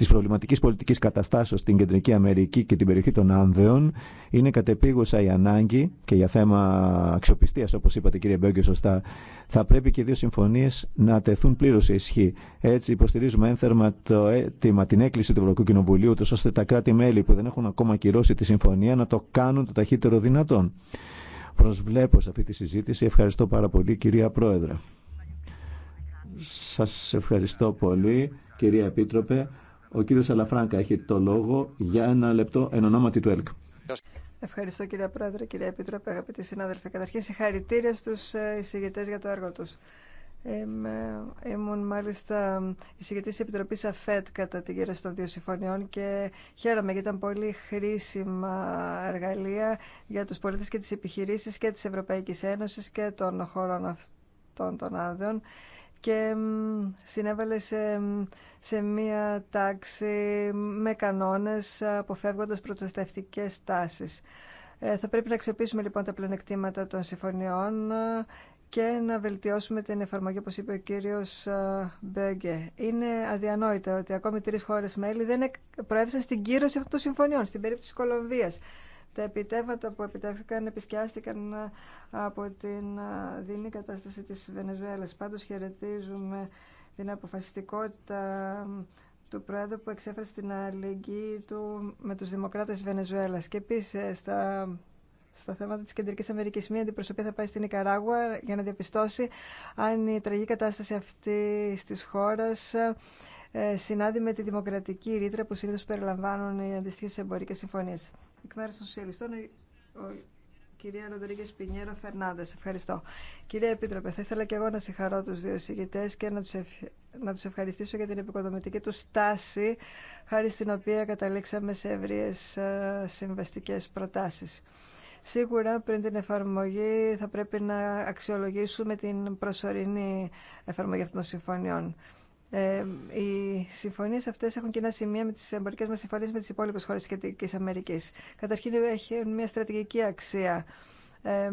τη προβληματική πολιτική καταστάσεω στην Κεντρική Αμερική και την περιοχή των Άνδεων, είναι κατεπίγουσα η ανάγκη και για θέμα αξιοπιστία, όπω είπατε κύριε Μπέγκε, σωστά, θα πρέπει και οι δύο συμφωνίε να τεθούν πλήρω σε ισχύ. Έτσι, υποστηρίζουμε ένθερμα το την έκκληση του Ευρωπαϊκού Κοινοβουλίου, ώστε τα κράτη-μέλη που δεν έχουν ακόμα κυρώσει τη συμφωνία να το κάνουν το ταχύτερο δυνατόν. Προσβλέπω σε αυτή τη συζήτηση. Ευχαριστώ πάρα πολύ, κυρία Πρόεδρε. Σας ευχαριστώ πολύ, κυρία Επίτροπε. Ο κύριος Αλαφράγκα έχει το λόγο για ένα λεπτό εν ονόματι του ΕΛΚ. Ευχαριστώ κύριε Πρόεδρε, κύριε Επίτροπε, αγαπητοί συνάδελφοι. Καταρχήν συγχαρητήρια στους ε, εισηγητές για το έργο τους. Ε, ήμουν μάλιστα εισηγητής της Επιτροπής ΑΦΕΤ κατά την κύρωση των δύο συμφωνιών και χαίρομαι γιατί ήταν πολύ χρήσιμα εργαλεία για τους πολίτες και τις επιχειρήσεις και της Ευρωπαϊκής Ένωσης και των χωρών αυτών των άδειων και συνέβαλε σε, σε μία τάξη με κανόνες αποφεύγοντας προσταστευτικές τάσεις. Ε, θα πρέπει να αξιοποιήσουμε λοιπόν τα πλεονεκτήματα των συμφωνιών και να βελτιώσουμε την εφαρμογή, όπως είπε ο κύριος ε, Μπέγκε. Είναι αδιανόητο ότι ακόμη τρεις χώρες μέλη δεν προέβησαν στην κύρωση αυτών των συμφωνιών, στην περίπτωση της Κολομβίας τα επιτεύγματα που επιτεύχθηκαν επισκιάστηκαν ε, από την ε, δινή κατάσταση της Βενεζουέλας. Πάντως χαιρετίζουμε την αποφασιστικότητα του Πρόεδρου που εξέφρασε την αλληλεγγύη του με τους δημοκράτες της Βενεζουέλας. Και επίσης ε, στα, στα θέματα της Κεντρικής Αμερικής μία αντιπροσωπή θα πάει στην Ικαράγουα για να διαπιστώσει αν η τραγική κατάσταση αυτή της χώρας συνάδει με τη δημοκρατική ρήτρα που συνήθως περιλαμβάνουν οι αντιστοιχείς εμπορικές συμφωνίες. Εκ μέρους των Σοσιαλιστών, κυρία Ροντρίγκε Πινιέρο Φερνάνδε. Ευχαριστώ. Κυρία Επίτροπε, θα ήθελα και εγώ να συγχαρώ του δύο συγκητέ και να του τους ευχαριστήσω για την επικοδομητική του στάση, χάρη στην οποία καταλήξαμε σε ευρείε συμβαστικέ προτάσει. Σίγουρα πριν την εφαρμογή θα πρέπει να αξιολογήσουμε την προσωρινή εφαρμογή αυτών των συμφωνιών. Ε, οι συμφωνίε αυτέ έχουν κοινά σημεία με τι εμπορικέ μα συμφωνίε με τι υπόλοιπε χώρε τη Κεντρική Αμερική. Καταρχήν, έχει μια στρατηγική αξία. Ε,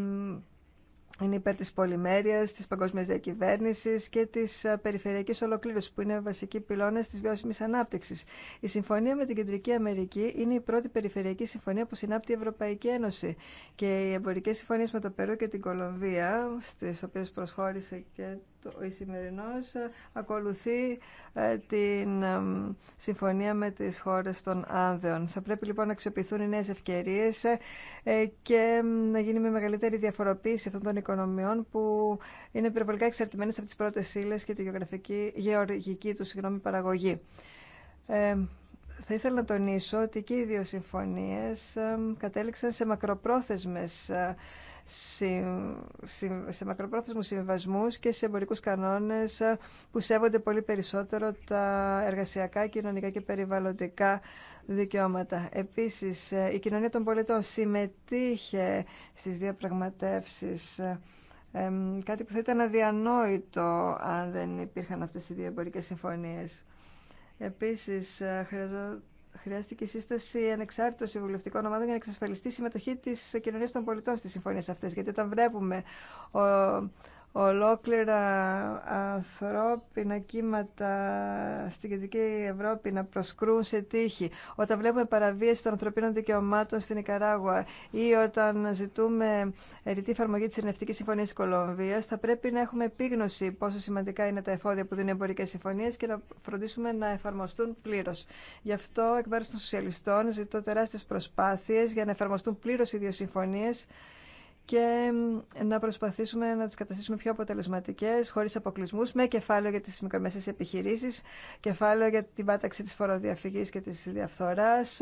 είναι υπέρ τη πολυμέρεια, τη παγκόσμια διακυβέρνηση και τη ε, περιφερειακή ολοκλήρωση, που είναι βασικοί πυλώνε τη βιώσιμη ανάπτυξη. Η συμφωνία με την Κεντρική Αμερική είναι η πρώτη περιφερειακή συμφωνία που συνάπτει η Ευρωπαϊκή Ένωση. Και οι εμπορικέ συμφωνίε με το Περού και την Κολομβία, στι οποίε προσχώρησε και ο σημερινός ε, ακολουθεί ε, την ε, συμφωνία με τις χώρες των Άνδεων. Θα πρέπει λοιπόν να αξιοποιηθούν οι νέες ευκαιρίες και να γίνει με μεγαλύτερη διαφοροποίηση αυτών των οικονομιών που είναι περιβολικά εξαρτημένες από τις πρώτες ύλες και τη γεωγραφική, γεωργική του συγγνώμη, παραγωγή. Θα ήθελα να τονίσω ότι και οι δύο συμφωνίες κατέληξαν σε μακροπρόθεσμες σε μακροπρόθεσμους συμβασμού και σε εμπορικούς κανόνες ε, που σέβονται πολύ περισσότερο τα εργασιακά, κοινωνικά και περιβαλλοντικά δικαιώματα. Επίσης, ε, η κοινωνία των πολιτών συμμετείχε στις διαπραγματεύσεις ε, κάτι που θα ήταν αδιανόητο αν δεν υπήρχαν αυτές οι δύο εμπορικές συμφωνίες. Επίσης, χρειαζόταν χρειάστηκε η σύσταση ανεξάρτητων συμβουλευτικών ομάδων για να εξασφαλιστεί η συμμετοχή τη κοινωνία των πολιτών στι συμφωνίε αυτέ. Γιατί όταν βλέπουμε ολόκληρα ανθρώπινα κύματα στην Κεντρική Ευρώπη να προσκρούν σε τύχη, όταν βλέπουμε παραβίαση των ανθρωπίνων δικαιωμάτων στην Ικαράγουα ή όταν ζητούμε ρητή εφαρμογή τη Ενευτικής Συμφωνία της Κολομβίας, θα πρέπει να έχουμε επίγνωση πόσο σημαντικά είναι τα εφόδια που δίνουν οι εμπορικέ συμφωνίες και να φροντίσουμε να εφαρμοστούν πλήρω. Γι' αυτό, εκ μέρους των σοσιαλιστών, ζητώ τεράστιε προσπάθειε για να εφαρμοστούν πλήρω οι δύο συμφωνίε και να προσπαθήσουμε να τις καταστήσουμε πιο αποτελεσματικές, χωρίς αποκλεισμούς, με κεφάλαιο για τις μικρομεσαίες επιχειρήσεις, κεφάλαιο για την πάταξη της φοροδιαφυγής και της διαφθοράς,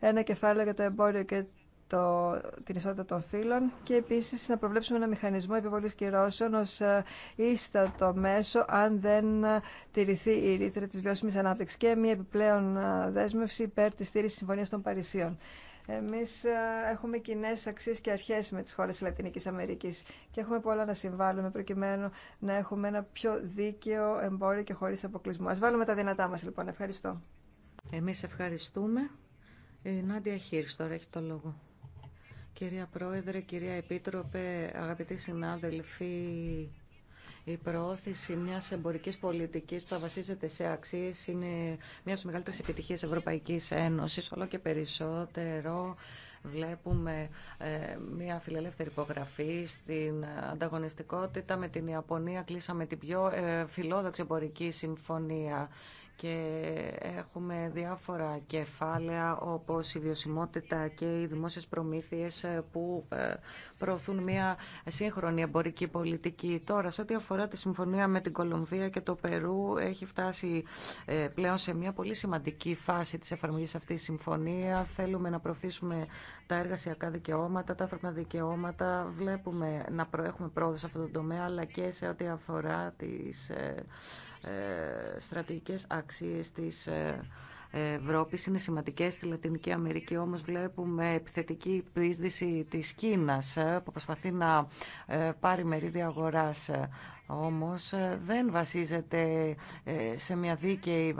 ένα κεφάλαιο για το εμπόριο και το, την ισότητα των φύλων και επίσης να προβλέψουμε ένα μηχανισμό επιβολής κυρώσεων ως ε, ίστατο μέσο αν δεν ε, τηρηθεί η ρήτρα της βιώσιμης ανάπτυξης και μια επιπλέον ε, δέσμευση υπέρ της στήρησης συμφωνίας των Παρισίων. Εμείς ε, έχουμε κοινέ αξίε και αρχές με τις χώρες της Λατινικής Αμερικής και έχουμε πολλά να συμβάλλουμε προκειμένου να έχουμε ένα πιο δίκαιο εμπόριο και χωρίς αποκλεισμό. Ας βάλουμε τα δυνατά μας λοιπόν. Ευχαριστώ. Εμείς ευχαριστούμε. Η ε, Νάντια Χίρς τώρα έχει το λόγο. Κυρία Πρόεδρε, κυρία Επίτροπε, αγαπητοί συνάδελφοι, η προώθηση μια εμπορική πολιτική που θα βασίζεται σε αξίε είναι μια από τι μεγαλύτερε επιτυχίε Ευρωπαϊκή Ένωση. Όλο και περισσότερο βλέπουμε ε, μια φιλελεύθερη υπογραφή στην ανταγωνιστικότητα με την Ιαπωνία. Κλείσαμε την πιο ε, φιλόδοξη εμπορική συμφωνία και έχουμε διάφορα κεφάλαια όπως η βιωσιμότητα και οι δημόσιες προμήθειες ε, που ε, προωθούν μια σύγχρονη εμπορική πολιτική. Τώρα, σε ό,τι αφορά τη συμφωνία με την Κολομβία και το Περού, έχει φτάσει ε, πλέον σε μια πολύ σημαντική φάση της εφαρμογής αυτής της συμφωνία. Θέλουμε να προωθήσουμε τα εργασιακά δικαιώματα, τα ανθρώπινα δικαιώματα. Βλέπουμε να έχουμε πρόοδο σε αυτό το τομέα, αλλά και σε ό,τι αφορά τις ε, στρατηγικές αξίες της ε, Ευρώπης είναι σημαντικές στη Λατινική Αμερική όμως βλέπουμε επιθετική πίσδυση της Κίνας ε, που προσπαθεί να πάρει μερίδια αγοράς όμως δεν βασίζεται σε μια δίκαιη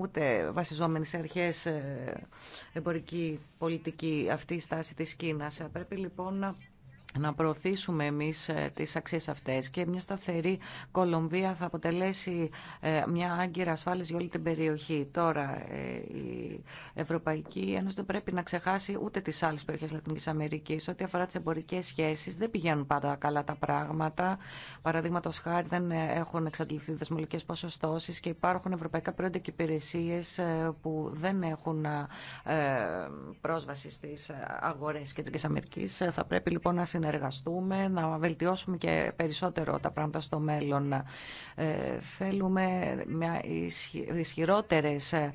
ούτε βασιζόμενη σε αρχές εμπορική πολιτική αυτή η στάση της Κίνας. Πρέπει λοιπόν να να προωθήσουμε εμείς ε, τις αξίες αυτές και μια σταθερή Κολομβία θα αποτελέσει ε, μια άγκυρα ασφάλεια για όλη την περιοχή. Τώρα ε, η Ευρωπαϊκή Ένωση δεν πρέπει να ξεχάσει ούτε τις άλλες περιοχές Λατινικής Αμερικής. Ό,τι αφορά τις εμπορικές σχέσεις δεν πηγαίνουν πάντα καλά τα πράγματα. Παραδείγματο χάρη δεν έχουν εξαντληθεί δεσμολικές ποσοστώσεις και υπάρχουν ευρωπαϊκά προϊόντα και υπηρεσίε που δεν έχουν πρόσβαση στις αγορές Κεντρικής Αμερικής. Θα πρέπει λοιπόν να να να βελτιώσουμε και περισσότερο τα πράγματα στο μέλλον. Ε, θέλουμε μια ισχυρότερες ε,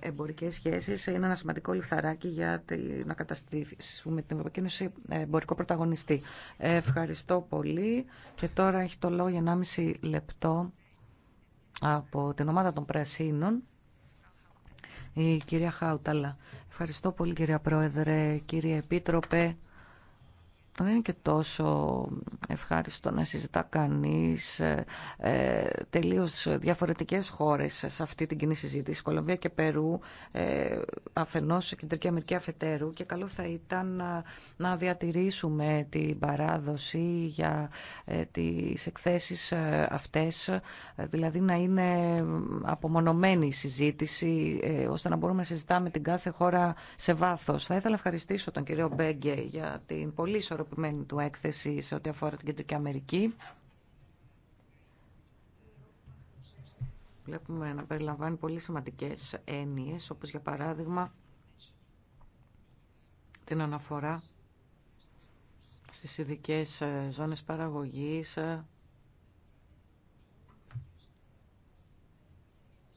εμπορικές σχέσεις. Είναι ένα σημαντικό λιθαράκι για να καταστήσουμε την Ευρωπαϊκή Ένωση εμπορικό πρωταγωνιστή. Ευχαριστώ πολύ. Και τώρα έχει το λόγο για 1,5 λεπτό από την ομάδα των Πρασίνων η κυρία Χάουταλα. Ευχαριστώ πολύ κυρία Πρόεδρε, κύριε Επίτροπε δεν είναι και τόσο ευχάριστο να συζητά κανείς ε, ε, τελείως διαφορετικές χώρες σε αυτή την κοινή συζήτηση. Κολομβία και Περού ε, αφενός, Κεντρική Αμερική αφετέρου και καλό θα ήταν να, διατηρήσουμε την παράδοση για ε, τις εκθέσεις ε, αυτές, δηλαδή να είναι απομονωμένη η συζήτηση ε, ώστε να μπορούμε να συζητάμε την κάθε χώρα σε βάθος. Θα ήθελα να ευχαριστήσω τον κύριο Μπέγκε για την πολύ ισορροπή αγαπημένη του έκθεση σε ό,τι αφορά την Κεντρική Αμερική. Βλέπουμε να περιλαμβάνει πολύ σημαντικές έννοιες, όπως για παράδειγμα την αναφορά στις ειδικέ ε, ζώνες παραγωγής ε,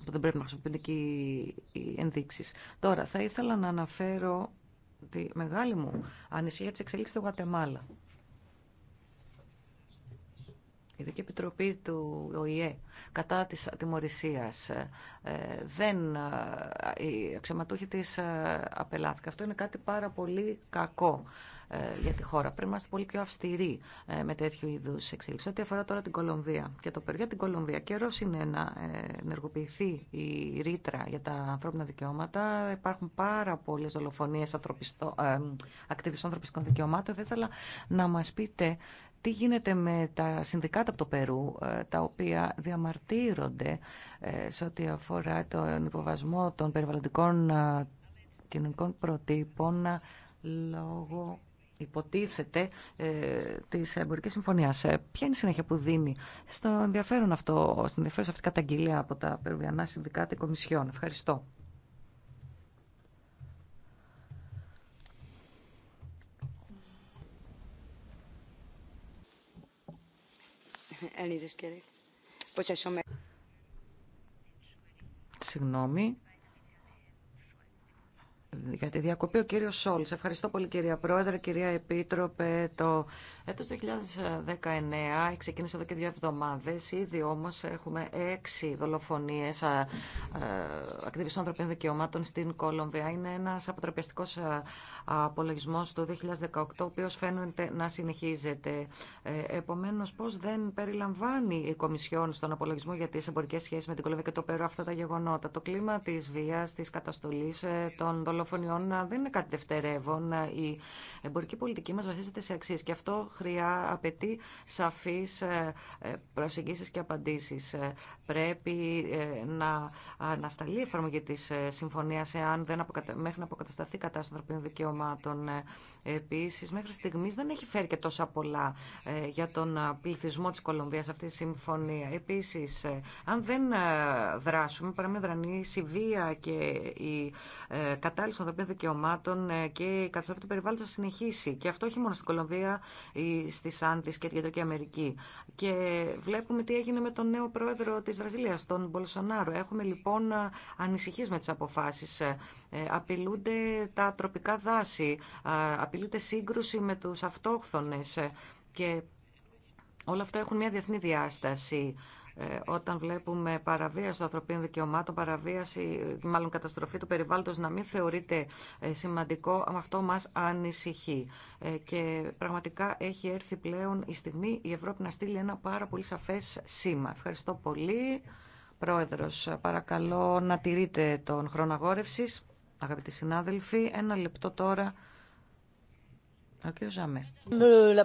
που δεν πρέπει να χρησιμοποιούνται και οι ενδείξεις. Τώρα, θα ήθελα να αναφέρω τη μεγάλη μου ανησυχία τη εξελίξη στη Γουατεμάλα. Ειδική Επιτροπή του ΟΗΕ κατά της ατιμορρησίας ε, ε, δεν, οι ε, αξιωματούχοι της απελάθηκαν. Αυτό είναι κάτι πάρα πολύ κακό για τη χώρα. Πρέπει να είμαστε πολύ πιο αυστηροί με τέτοιου είδους εξέλιξη. Ό,τι αφορά τώρα την Κολομβία και το παιδιά την Κολομβία, καιρό είναι να ενεργοποιηθεί η ρήτρα για τα ανθρώπινα δικαιώματα. Υπάρχουν πάρα πολλέ δολοφονίε ακτιβιστών ανθρωπιστικών δικαιωμάτων. Θα ήθελα να μα πείτε τι γίνεται με τα συνδικάτα από το Περού, ε, τα οποία διαμαρτύρονται ε, σε ό,τι αφορά τον υποβασμό των περιβαλλοντικών ε, κοινωνικών προτύπων λόγω υποτίθεται ε, τη εμπορική συμφωνία. ποια είναι η συνέχεια που δίνει στο ενδιαφέρον αυτό, στην ενδιαφέρουσα αυτή καταγγελία από τα Περουβιανά Συνδικάτα Κομισιών. Ευχαριστώ. Συγγνώμη για τη διακοπή ο κύριος Σόλς. Ευχαριστώ πολύ κυρία Πρόεδρε, κυρία Επίτροπε. Το έτος 2019 ξεκίνησε εδώ και δύο εβδομάδες. Ήδη όμως έχουμε έξι δολοφονίες ακτιβιστών ανθρωπίνων δικαιωμάτων στην Κολομβία. Είναι ένας αποτροπιαστικός απολογισμό του 2018, ο οποίο φαίνεται να συνεχίζεται. Ε, επομένως, πώς δεν περιλαμβάνει η Κομισιόν στον απολογισμό για τις εμπορικές σχέσεις με την Κολομβία και το Περού αυτά τα γεγονότα. Το κλίμα της βίας, της καταστολής ε, των δολοφονίων δολοφονιών δεν είναι κάτι δευτερεύον. Η εμπορική πολιτική μα βασίζεται σε αξίε. και αυτό χρειά απαιτεί σαφεί ε, ε, προσεγγίσεις και απαντήσει. Ε, πρέπει να ανασταλεί η εφαρμογή τη συμφωνία, εάν μέχρι να αποκατασταθεί η κατάσταση των ανθρωπίνων δικαιωμάτων. Επίση, μέχρι στιγμή δεν έχει φέρει και τόσα πολλά για τον πληθυσμό τη Κολομβίας αυτή η συμφωνία. Επίση, αν δεν δράσουμε, παραμένει δρανή η βία και η κατάλληλη μεγάλη των δικαιωμάτων ε, και η καταστροφή του περιβάλλοντο θα συνεχίσει. Και αυτό όχι μόνο στην Κολομβία, στι Άντε και την Κεντρική Αμερική. Και βλέπουμε τι έγινε με τον νέο πρόεδρο τη Βραζιλία, τον Μπολσονάρο. Έχουμε λοιπόν ε, ανησυχίε με τι αποφάσει. Ε, απειλούνται τα τροπικά δάση, απειλείται σύγκρουση με του αυτόχθονε. Και όλα αυτά έχουν μια διεθνή διάσταση. Ε, όταν βλέπουμε παραβίαση των ανθρωπίνων δικαιωμάτων, παραβίαση, μάλλον καταστροφή του περιβάλλοντος, να μην θεωρείται ε, σημαντικό, αυτό μας ανησυχεί. Ε, και πραγματικά έχει έρθει πλέον η στιγμή η Ευρώπη να στείλει ένα πάρα πολύ σαφές σήμα. Ευχαριστώ πολύ. Πρόεδρος, παρακαλώ να τηρείτε τον χρόνο αγόρευσης. Αγαπητοί συνάδελφοι, ένα λεπτό τώρα ε,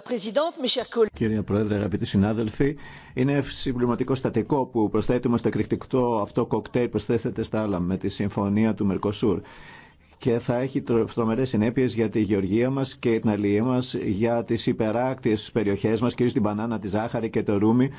Κύριε Πρόεδρε, αγαπητοί συνάδελφοι, είναι συμπληρωματικό στατικό που προσθέτουμε στο εκρηκτικό αυτό κοκτέιλ που στέθεται στα άλλα με τη συμφωνία του Μερκοσούρ και θα έχει τρομερέ συνέπειε για τη γεωργία μα και την αλληλεία μα, για τι υπεράκτιε περιοχέ μα, κυρίω την μπανάνα, τη ζάχαρη και το ρούμι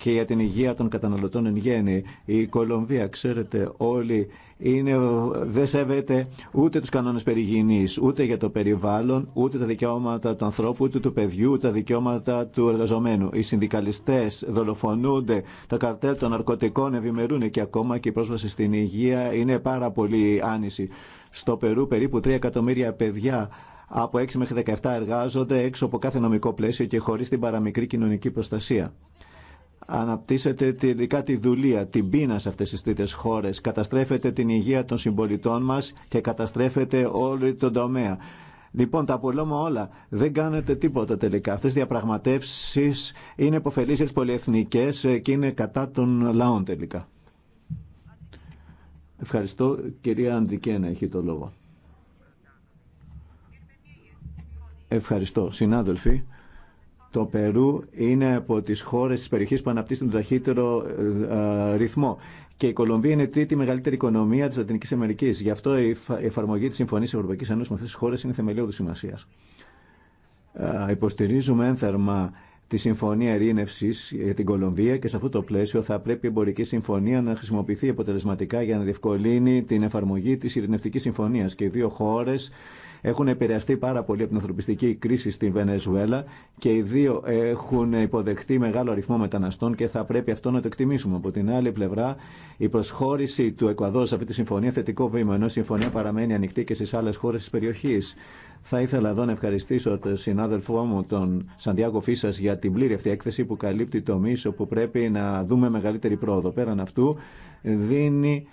και για την υγεία των καταναλωτών εν γέννη. Η Κολομβία, ξέρετε όλοι, είναι, δεν σέβεται ούτε τους κανόνες περιγυνής, ούτε για το περιβάλλον, ούτε τα δικαιώματα του ανθρώπου, ούτε του παιδιού, ούτε τα δικαιώματα του εργαζομένου. Οι συνδικαλιστές δολοφονούνται, τα καρτέλ των ναρκωτικών ευημερούν και ακόμα και η πρόσβαση στην υγεία είναι πάρα πολύ άνηση. Στο Περού περίπου 3 εκατομμύρια παιδιά από 6 μέχρι 17 εργάζονται έξω από κάθε νομικό πλαίσιο και χωρίς την παραμικρή κοινωνική προστασία αναπτύσσεται τελικά τη δουλεία, την πείνα σε αυτές τις τρίτες χώρες, καταστρέφεται την υγεία των συμπολιτών μας και καταστρέφεται όλη τον τομέα. Λοιπόν, τα απολώμα όλα. Δεν κάνετε τίποτα τελικά. Αυτές οι διαπραγματεύσεις είναι υποφελήσεις και είναι κατά των λαών τελικά. Ευχαριστώ. Κυρία Αντρικένα έχει το λόγο. Ευχαριστώ. Συνάδελφοι. Το Περού είναι από τι χώρε της περιοχή που αναπτύσσουν τον ταχύτερο ε, ε, ρυθμό. Και η Κολομβία είναι η τρίτη μεγαλύτερη οικονομία τη Λατινική Αμερική. Γι' αυτό η εφαρμογή τη Συμφωνία Ευρωπαϊκή Ένωση με αυτέ τι χώρε είναι θεμελιώδη σημασία. Ε, υποστηρίζουμε ένθερμα τη Συμφωνία Ερήνευση για την Κολομβία και σε αυτό το πλαίσιο θα πρέπει η εμπορική συμφωνία να χρησιμοποιηθεί αποτελεσματικά για να διευκολύνει την εφαρμογή τη Ειρηνευτική Συμφωνία. Και δύο χώρε έχουν επηρεαστεί πάρα πολύ από την ανθρωπιστική κρίση στην Βενεζουέλα και οι δύο έχουν υποδεχτεί μεγάλο αριθμό μεταναστών και θα πρέπει αυτό να το εκτιμήσουμε. Από την άλλη πλευρά, η προσχώρηση του Εκουαδόρ σε αυτή τη συμφωνία, θετικό βήμα, ενώ η συμφωνία παραμένει ανοιχτή και στι άλλε χώρε τη περιοχή. Θα ήθελα εδώ να ευχαριστήσω τον συνάδελφό μου, τον Σαντιάκο Φίσα, για την πλήρη αυτή έκθεση που καλύπτει το μίσο που πρέπει να δούμε μεγαλύτερη πρόοδο. Πέραν αυτού, δίνει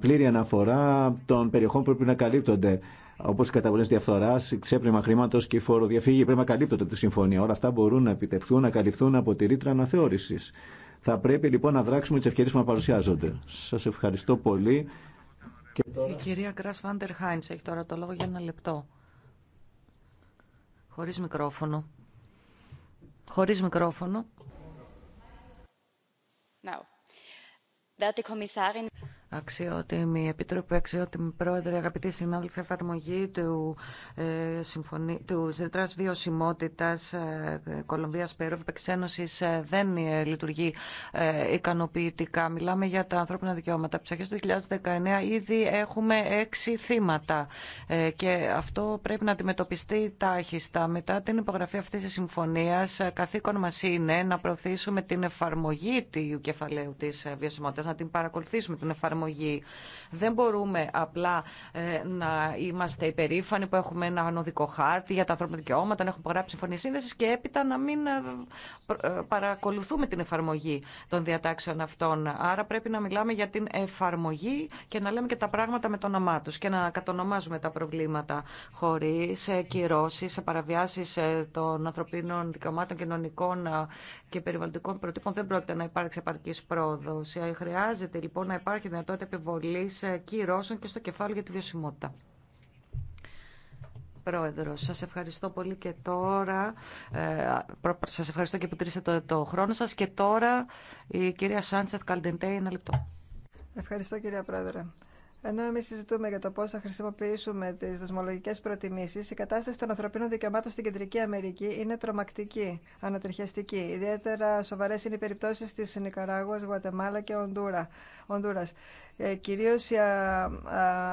πλήρη αναφορά των περιοχών που πρέπει να καλύπτονται όπω οι καταβολέ διαφθορά, η ξέπλυμα χρήματο και η φοροδιαφύγη. Πρέπει να καλύπτονται από τη συμφωνία. Όλα αυτά μπορούν να επιτευχθούν, να καλυφθούν από τη ρήτρα αναθεώρηση. Θα πρέπει λοιπόν να δράξουμε τι ευκαιρίε που μα παρουσιάζονται. Σα ευχαριστώ πολύ. Η κυρία Βάντερ έχει τώρα το λόγο για ένα λεπτό. Χωρί μικρόφωνο. Χωρί μικρόφωνο. Now. Αξιότιμη Επίτροπη, αξιότιμη Πρόεδρε, αγαπητοί συνάδελφοι, εφαρμογή του, ε, συμφωνή, του Ρητράς Βιωσιμότητας ε, Κολομβίας Περού ε, δεν ε, λειτουργεί ε, ικανοποιητικά. Μιλάμε για τα ανθρώπινα δικαιώματα. Από το του 2019 ήδη έχουμε έξι θύματα ε, και αυτό πρέπει να αντιμετωπιστεί τάχιστα. Μετά την υπογραφή αυτής της συμφωνίας, ε, καθήκον μας είναι να προωθήσουμε την εφαρμογή του κεφαλαίου της βιωσιμότητας, να την παρακολουθήσουμε την εφαρμογή δεν μπορούμε απλά ε, να είμαστε υπερήφανοι που έχουμε ένα ανωδικό χάρτη για τα ανθρώπινα δικαιώματα, να έχουμε γράψει συμφωνίε σύνδεση και έπειτα να μην ε, ε, παρακολουθούμε την εφαρμογή των διατάξεων αυτών. Άρα πρέπει να μιλάμε για την εφαρμογή και να λέμε και τα πράγματα με το όνομά του και να κατονομάζουμε τα προβλήματα χωρί κυρώσει, παραβιάσει των ανθρωπίνων δικαιωμάτων, κοινωνικών και περιβαλλοντικών προτύπων δεν πρόκειται να υπάρξει επαρκή πρόοδο. Ε, χρειάζεται λοιπόν να υπάρχει δυνατότητα επιβολή ε, κυρώσεων και στο κεφάλαιο για τη βιωσιμότητα. Πρόεδρο, σα ευχαριστώ πολύ και τώρα. Σα ε, σας ευχαριστώ και που τρίσετε το, χρόνο σα Και τώρα η κυρία Σάντσεθ Καλντεντέι, ένα λεπτό. Ευχαριστώ κυρία Πρόεδρε. Ενώ εμεί συζητούμε για το πώ θα χρησιμοποιήσουμε τι δεσμολογικέ προτιμήσει, η κατάσταση των ανθρωπίνων δικαιωμάτων στην Κεντρική Αμερική είναι τρομακτική, ανατριχιαστική. Ιδιαίτερα σοβαρέ είναι οι περιπτώσει τη Νικαράγουα, Γουατεμάλα και Ονδούρα. Ε, Κυρίω η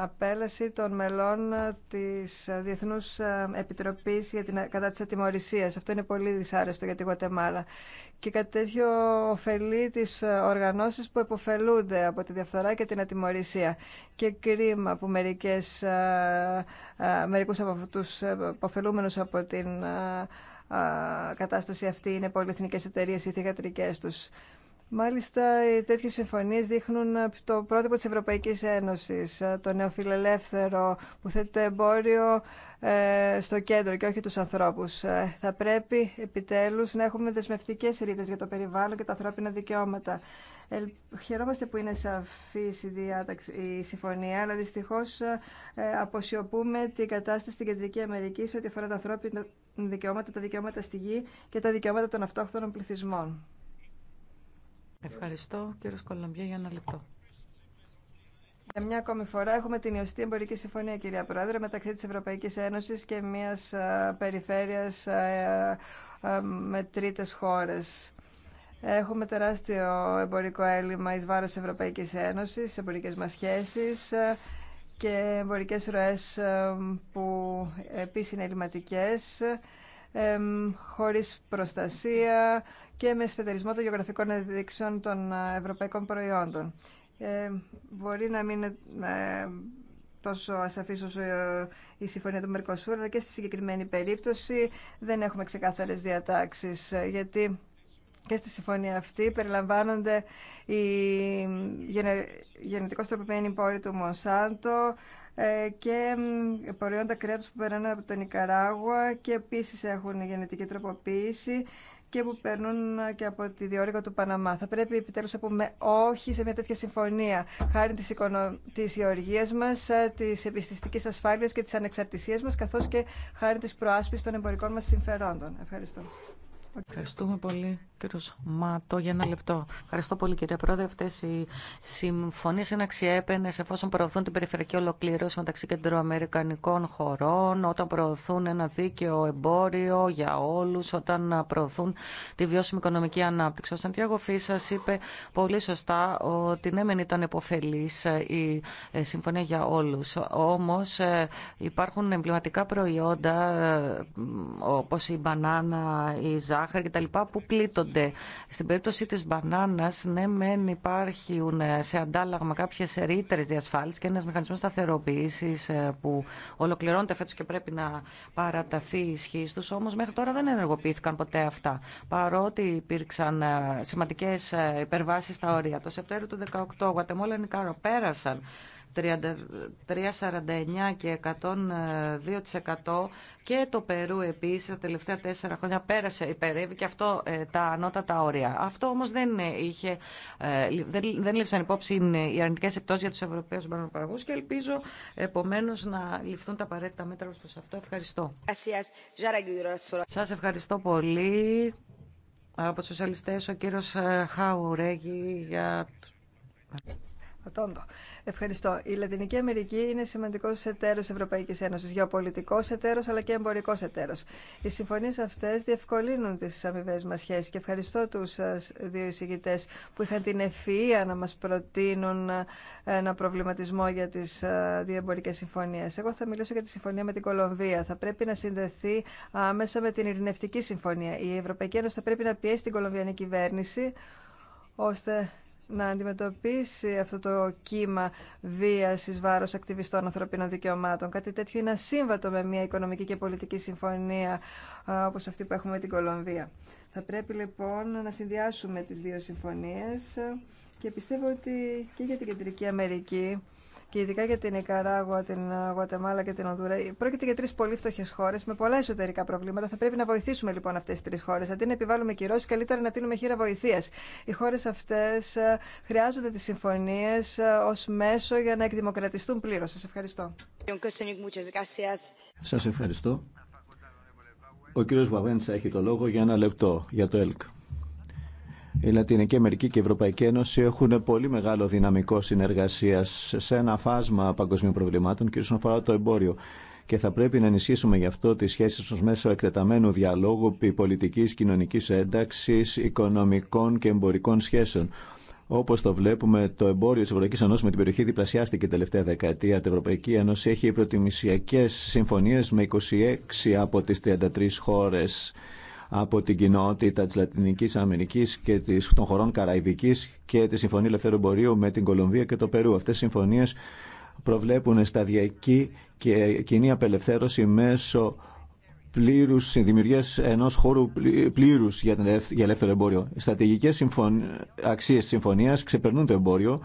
απέλαση των μελών τη Διεθνού ε, Επιτροπή κατά τη Ατιμορρησία. Αυτό είναι πολύ δυσάρεστο για τη Γουατεμάλα και κάτι τέτοιο ωφελεί τι ε, οργανώσεις που επωφελούνται από τη διαφθορά και την ατιμορρησία. Και κρίμα που μερικές, ε, ε, από τους επωφελούμενους από την κατάσταση αυτή είναι πολυεθνικέ εταιρείε ή θηγατρικέ τους. Μάλιστα, οι τέτοιε συμφωνίε δείχνουν ε, το πρότυπο τη Ευρωπαϊκή Ένωση, ε, το νεοφιλελεύθερο που θέτει το εμπόριο ε, στο κέντρο και όχι του ανθρώπους. Θα πρέπει επιτέλου να έχουμε δεσμευτικέ ρήτες για το περιβάλλον και τα ανθρώπινα δικαιώματα. Χαιρόμαστε που είναι σαφή η, διάταξη, η συμφωνία, αλλά δυστυχώς αποσιωπούμε την κατάσταση στην Κεντρική Αμερική σε ό,τι αφορά τα ανθρώπινα δικαιώματα, τα δικαιώματα στη γη και τα δικαιώματα των αυτόχθονων πληθυσμών. Ευχαριστώ, κύριο Κολομπιέ, για ένα λεπτό. Για μια ακόμη φορά έχουμε την Ιωστή Εμπορική Συμφωνία, κυρία Πρόεδρε, μεταξύ της Ευρωπαϊκής Ένωσης και μιας ε, περιφέρειας ε, ε, με τρίτες χώρες. Έχουμε τεράστιο εμπορικό έλλειμμα εις βάρος Ευρωπαϊκής Ένωσης, εμπορικές μας σχέσεις και εμπορικές ροές που επίσης είναι ελληματικές, χωρίς προστασία και με σφετερισμό των γεωγραφικών ενδείξεων των ε, ευρωπαϊκών προϊόντων. Ε, μπορεί να μην είναι ε, τόσο ασαφή όσο η συμφωνία του Μερκοσούρ, αλλά και στη συγκεκριμένη περίπτωση δεν έχουμε ξεκάθαρε διατάξει, γιατί και στη συμφωνία αυτή περιλαμβάνονται οι γενε, γενετικώς τροποποιημένοι του Μονσάντο και προϊόντα κρέατος που περνάνε από τον Ικαράγουα και επίσης έχουν γενετική τροποποίηση και που περνούν και από τη διόρυγα του Παναμά. Θα πρέπει επιτέλους να πούμε όχι σε μια τέτοια συμφωνία χάρη της, οικονο... της γεωργίας μας, της επιστηστικής ασφάλειας και της ανεξαρτησίας μας, καθώς και χάρη της προάσπισης των εμπορικών μας συμφερόντων. Ευχαριστώ. Ευχαριστούμε πολύ. Κύριος Μάτο, για ένα λεπτό. Ευχαριστώ πολύ κύριε Πρόεδρε. Αυτέ οι συμφωνίε είναι αξιέπαινε εφόσον προωθούν την περιφερειακή ολοκλήρωση μεταξύ κεντροαμερικανικών χωρών, όταν προωθούν ένα δίκαιο εμπόριο για όλου, όταν προωθούν τη βιώσιμη οικονομική ανάπτυξη. Ο Σαντιάγο Φίσας είπε πολύ σωστά ότι ναι μεν ήταν επωφελής ε, η ε, συμφωνία για όλου. Όμω, ε, υπάρχουν εμβληματικά προϊόντα όπω η μπανάνα, η ζάχαρη κτλ. που πλήττονται στην περίπτωση τη Μπανάνα, ναι, μεν υπάρχουν ε, σε αντάλλαγμα κάποιε ρήτρε διασφάλισης και ένα μηχανισμό σταθεροποίηση ε, που ολοκληρώνεται φέτο και πρέπει να παραταθεί η ισχύ του, όμω μέχρι τώρα δεν ενεργοποιήθηκαν ποτέ αυτά, παρότι υπήρξαν ε, σημαντικέ υπερβάσει στα όρια. Το Σεπτέμβριο του 2018, Γουατεμόλα Νικάρο πέρασαν 3,49 και 102% και το Περού επίσης τα τελευταία τέσσερα χρόνια πέρασε, υπερεύει και αυτό ε, τα ανώτατα όρια. Αυτό όμως δεν, είχε, ε, δεν, δεν λήφθησαν υπόψη οι αρνητικές επιπτώσεις για τους Ευρωπαίους Μπανοπαραγούς και ελπίζω επομένως να ληφθούν τα απαραίτητα μέτρα προς αυτό. Ευχαριστώ. Σας ευχαριστώ πολύ. Από τους σοσιαλιστές ο κύριος ε, Χαουρέγη για... Ατόντο. Ευχαριστώ. Η Λατινική Αμερική είναι σημαντικό εταίρο Ευρωπαϊκή Ένωση, γεωπολιτικό εταίρο αλλά και εμπορικό εταίρο. Οι συμφωνίε αυτέ διευκολύνουν τι αμοιβέ μα σχέσει και ευχαριστώ του ε, δύο εισηγητέ που είχαν την ευφυα να μα προτείνουν ε, ένα προβληματισμό για τι ε, δύο εμπορικέ συμφωνίε. Εγώ θα μιλήσω για τη συμφωνία με την Κολομβία. Θα πρέπει να συνδεθεί άμεσα με την Ειρηνευτική Συμφωνία. Η Ευρωπαϊκή Ένωση θα πρέπει να πιέσει την Κολομβιανή κυβέρνηση ώστε να αντιμετωπίσει αυτό το κύμα βίας εις βάρος ακτιβιστών ανθρωπίνων δικαιωμάτων. Κάτι τέτοιο είναι ασύμβατο με μια οικονομική και πολιτική συμφωνία όπως αυτή που έχουμε με την Κολομβία. Θα πρέπει λοιπόν να συνδυάσουμε τις δύο συμφωνίες και πιστεύω ότι και για την Κεντρική Αμερική και ειδικά για την Ικαράγουα, την ε, Γουατεμάλα και την Οδούρα. Ε, πρόκειται για τρει πολύ φτωχέ χώρε με πολλά εσωτερικά προβλήματα. Θα πρέπει να βοηθήσουμε λοιπόν αυτέ τι τρει χώρε. Αντί να επιβάλλουμε κυρώσει, καλύτερα να τίνουμε χείρα βοηθεία. Οι χώρε αυτέ ε, χρειάζονται τι συμφωνίε ω μέσο για να εκδημοκρατιστούν πλήρω. Σα ευχαριστώ. Σα ευχαριστώ. Ο κύριος Βαβέντσα έχει το λόγο για ένα λεπτό για το ΕΛΚ η Λατινική Αμερική και η Ευρωπαϊκή Ένωση έχουν πολύ μεγάλο δυναμικό συνεργασία σε ένα φάσμα παγκοσμίων προβλημάτων και όσον αφορά το εμπόριο. Και θα πρέπει να ενισχύσουμε γι' αυτό τι σχέσει μα μέσω εκτεταμένου διαλόγου πολιτική, κοινωνική ένταξη, οικονομικών και εμπορικών σχέσεων. Όπω το βλέπουμε, το εμπόριο τη Ευρωπαϊκή Ένωση με την περιοχή διπλασιάστηκε την τελευταία δεκαετία. Η Ευρωπαϊκή Ένωση έχει προτιμησιακέ συμφωνίε με 26 από τι 33 χώρε από την κοινότητα της Λατινικής Αμερικής και των χωρών Καραϊβικής και τη Συμφωνία Ελευθέρου μπορείου με την Κολομβία και το Περού. Αυτές οι συμφωνίες προβλέπουν σταδιακή και κοινή απελευθέρωση μέσω πλήρους, δημιουργίας ενός χώρου πλήρους για, ελεύθερο εμπόριο. Οι στρατηγικές συμφων... αξίες της συμφωνίας ξεπερνούν το εμπόριο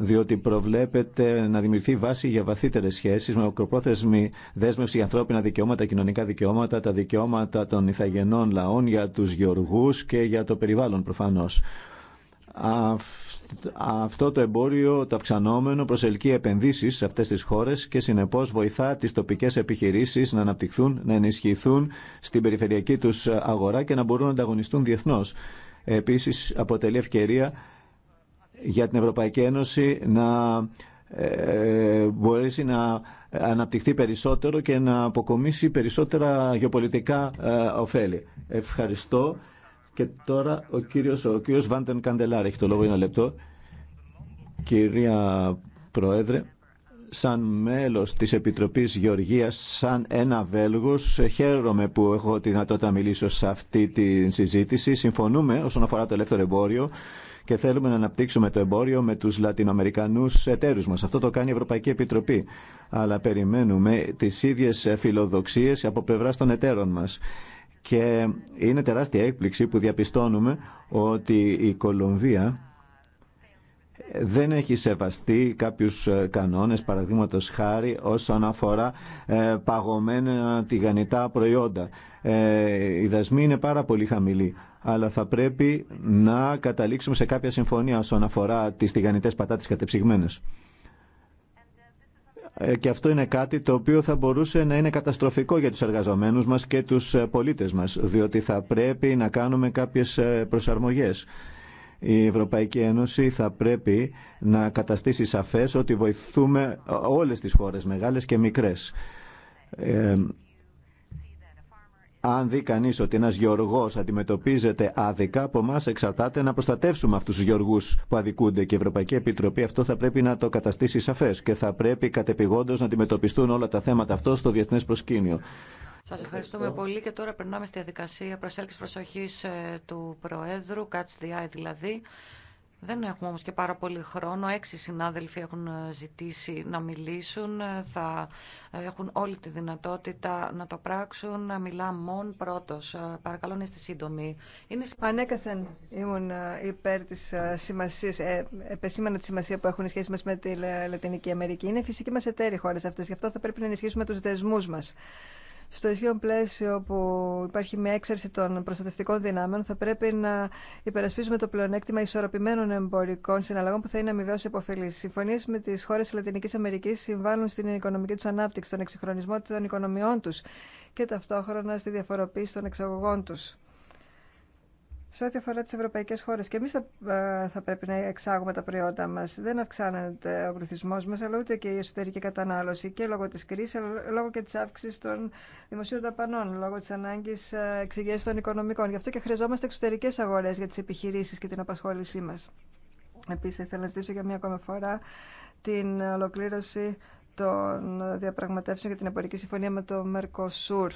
διότι προβλέπεται να δημιουργηθεί βάση για βαθύτερε σχέσει με οκροπρόθεσμη δέσμευση για ανθρώπινα δικαιώματα, κοινωνικά δικαιώματα, τα δικαιώματα των ηθαγενών λαών για του γεωργού και για το περιβάλλον προφανώ. Αυτό το εμπόριο, το αυξανόμενο, προσελκύει επενδύσεις σε αυτές τις χώρες και συνεπώς βοηθά τις τοπικές επιχειρήσεις να αναπτυχθούν, να ενισχυθούν στην περιφερειακή τους αγορά και να μπορούν να ανταγωνιστούν διεθνώς. Επίσης αποτελεί ευκαιρία για την Ευρωπαϊκή Ένωση να ε, μπορέσει να αναπτυχθεί περισσότερο και να αποκομίσει περισσότερα γεωπολιτικά ε, ωφέλη. Ευχαριστώ. Και τώρα ο κύριος, ο κύριος Βάντεν Καντελάρ έχει το λόγο ένα λεπτό. Κυρία Πρόεδρε, σαν μέλος της Επιτροπής Γεωργίας, σαν ένα Βέλγος, χαίρομαι που έχω τη δυνατότητα να μιλήσω σε αυτή τη συζήτηση. Συμφωνούμε όσον αφορά το ελεύθερο εμπόριο και θέλουμε να αναπτύξουμε το εμπόριο με τους Λατινοαμερικανούς εταίρους μας. Αυτό το κάνει η Ευρωπαϊκή Επιτροπή. Αλλά περιμένουμε τις ίδιες φιλοδοξίες από πλευρά των εταίρων μας. Και είναι τεράστια έκπληξη που διαπιστώνουμε ότι η Κολομβία δεν έχει σεβαστεί κάποιους ε, κανόνες, παραδείγματος χάρη, όσον αφορά ε, παγωμένα τηγανιτά προϊόντα. Ε, οι δασμοί είναι πάρα πολύ χαμηλοί, αλλά θα πρέπει να καταλήξουμε σε κάποια συμφωνία όσον αφορά τις τηγανιτές πατάτες κατεψυγμένες. Και αυτό είναι κάτι το οποίο θα μπορούσε να είναι καταστροφικό για τους εργαζομένους μας και τους πολίτες μας, διότι θα πρέπει να κάνουμε κάποιες προσαρμογές η Ευρωπαϊκή Ένωση θα πρέπει να καταστήσει σαφές ότι βοηθούμε όλες τις χώρες, μεγάλες και μικρές. Ε, αν δει κανεί ότι ένα γεωργό αντιμετωπίζεται άδικα, από εμά εξαρτάται να προστατεύσουμε αυτού του γεωργού που αδικούνται. Και η Ευρωπαϊκή Επιτροπή αυτό θα πρέπει να το καταστήσει σαφές και θα πρέπει κατεπηγόντω να αντιμετωπιστούν όλα τα θέματα αυτό στο διεθνέ προσκήνιο. Σα ευχαριστούμε πολύ και τώρα περνάμε στη διαδικασία προσέλκυση προσοχή ε, του Προέδρου, Catch the Eye δηλαδή. Δεν έχουμε όμως και πάρα πολύ χρόνο. Έξι συνάδελφοι έχουν ε, ζητήσει να μιλήσουν. Ε, θα έχουν όλη τη δυνατότητα να το πράξουν. μιλά μόνο πρώτος. Παρακαλώ να είστε σύντομοι. Είναι... Ανέκαθεν ήμουν υπέρ της σημασίας, επεσήμανα τη σημασία που έχουν οι σχέσεις μας με τη Λατινική Αμερική. Είναι φυσική μας εταίροι χώρες αυτές. Γι' αυτό θα πρέπει να ενισχύσουμε τους δεσμούς μας στο ισχύον πλαίσιο που υπάρχει μια έξαρση των προστατευτικών δυνάμεων, θα πρέπει να υπερασπίσουμε το πλεονέκτημα ισορροπημένων εμπορικών συναλλαγών που θα είναι αμοιβαίω υποφελή. Οι συμφωνίε με τι χώρε τη Λατινική Αμερική συμβάλλουν στην οικονομική του ανάπτυξη, στον εξυγχρονισμό των οικονομιών του και ταυτόχρονα στη διαφοροποίηση των εξαγωγών του σε ό,τι αφορά τι ευρωπαϊκέ χώρε. Και εμεί θα, ε, θα πρέπει να εξάγουμε τα προϊόντα μα. Δεν αυξάνεται ο πληθυσμό μα, αλλά ούτε και η εσωτερική κατανάλωση. Και λόγω τη κρίση, αλλά λόγω και τη αύξηση των δημοσίων δαπανών, λόγω τη ανάγκη ε, εξηγήσεων των οικονομικών. Γι' αυτό και χρειαζόμαστε εξωτερικέ αγορέ για τι επιχειρήσει και την απασχόλησή μα. Επίση, θα ήθελα να ζητήσω για μία ακόμα φορά την ολοκλήρωση των διαπραγματεύσεων για την εμπορική συμφωνία με το Μερκοσούρ.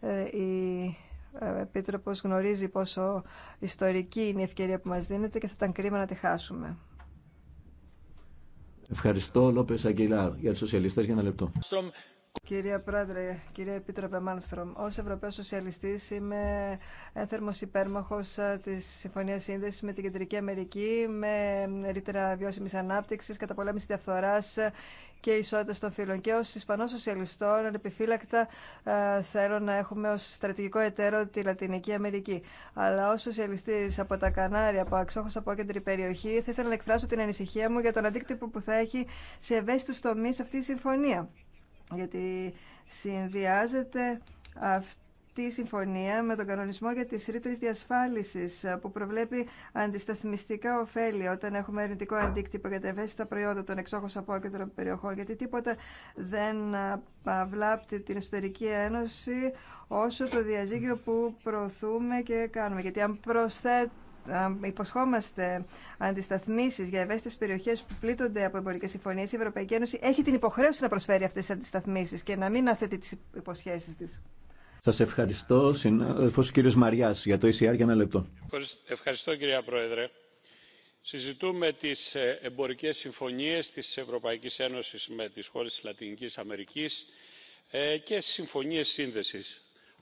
Ε, η ε, Επίτροπο γνωρίζει πόσο ιστορική είναι η ευκαιρία που μας δίνεται και θα ήταν κρίμα να τη χάσουμε. Ευχαριστώ Λόπες Αγγελάρ για τους σοσιαλιστές για ένα λεπτό. Κυρία Πρόεδρε, κύριε Επίτροπε Μάνστρομ, ως Ευρωπαίος Σοσιαλιστής είμαι ένθερμος υπέρμαχος ε, της Συμφωνίας Σύνδεσης με την Κεντρική Αμερική με ρήτρα βιώσιμης ανάπτυξης, καταπολέμηση διαφθοράς ε, και ισότητα των φύλων. Και ω Ισπανό Σοσιαλιστό, επιφύλακτα ε, θέλω να έχουμε ω στρατηγικό εταίρο τη Λατινική Αμερική. Αλλά ω Σοσιαλιστή από τα Κανάρια, από αξόχω απόκεντρη περιοχή, θα ήθελα να εκφράσω την ανησυχία μου για τον αντίκτυπο που θα έχει σε ευαίσθητου τομεί αυτή η συμφωνία γιατί συνδυάζεται αυτή η συμφωνία με τον κανονισμό για τις ρήτρες διασφάλισης ε, που προβλέπει αντισταθμιστικά ωφέλη όταν έχουμε αρνητικό αντίκτυπο για τα ευαίσθητα προϊόντα των εξόχως απόκεντρων περιοχών γιατί τίποτα δεν βλάπτει ε, την εσωτερική ένωση όσο το διαζύγιο που προωθούμε και κάνουμε. Γιατί αν προσθέτουμε υποσχόμαστε αντισταθμίσει για ευαίσθητε περιοχέ που πλήττονται από εμπορικέ συμφωνίε, η Ευρωπαϊκή Ένωση έχει την υποχρέωση να προσφέρει αυτέ τι αντισταθμίσει και να μην αθέτει τι υποσχέσει τη. Σα ευχαριστώ, συνάδελφο κύριο Μαριά, για το ECR για ένα λεπτό. Ευχαριστώ, κυρία Πρόεδρε. Συζητούμε τι ε, εμπορικέ συμφωνίε τη Ευρωπαϊκή Ένωση με τι χώρε τη Λατινική Αμερική ε, και συμφωνίε σύνδεση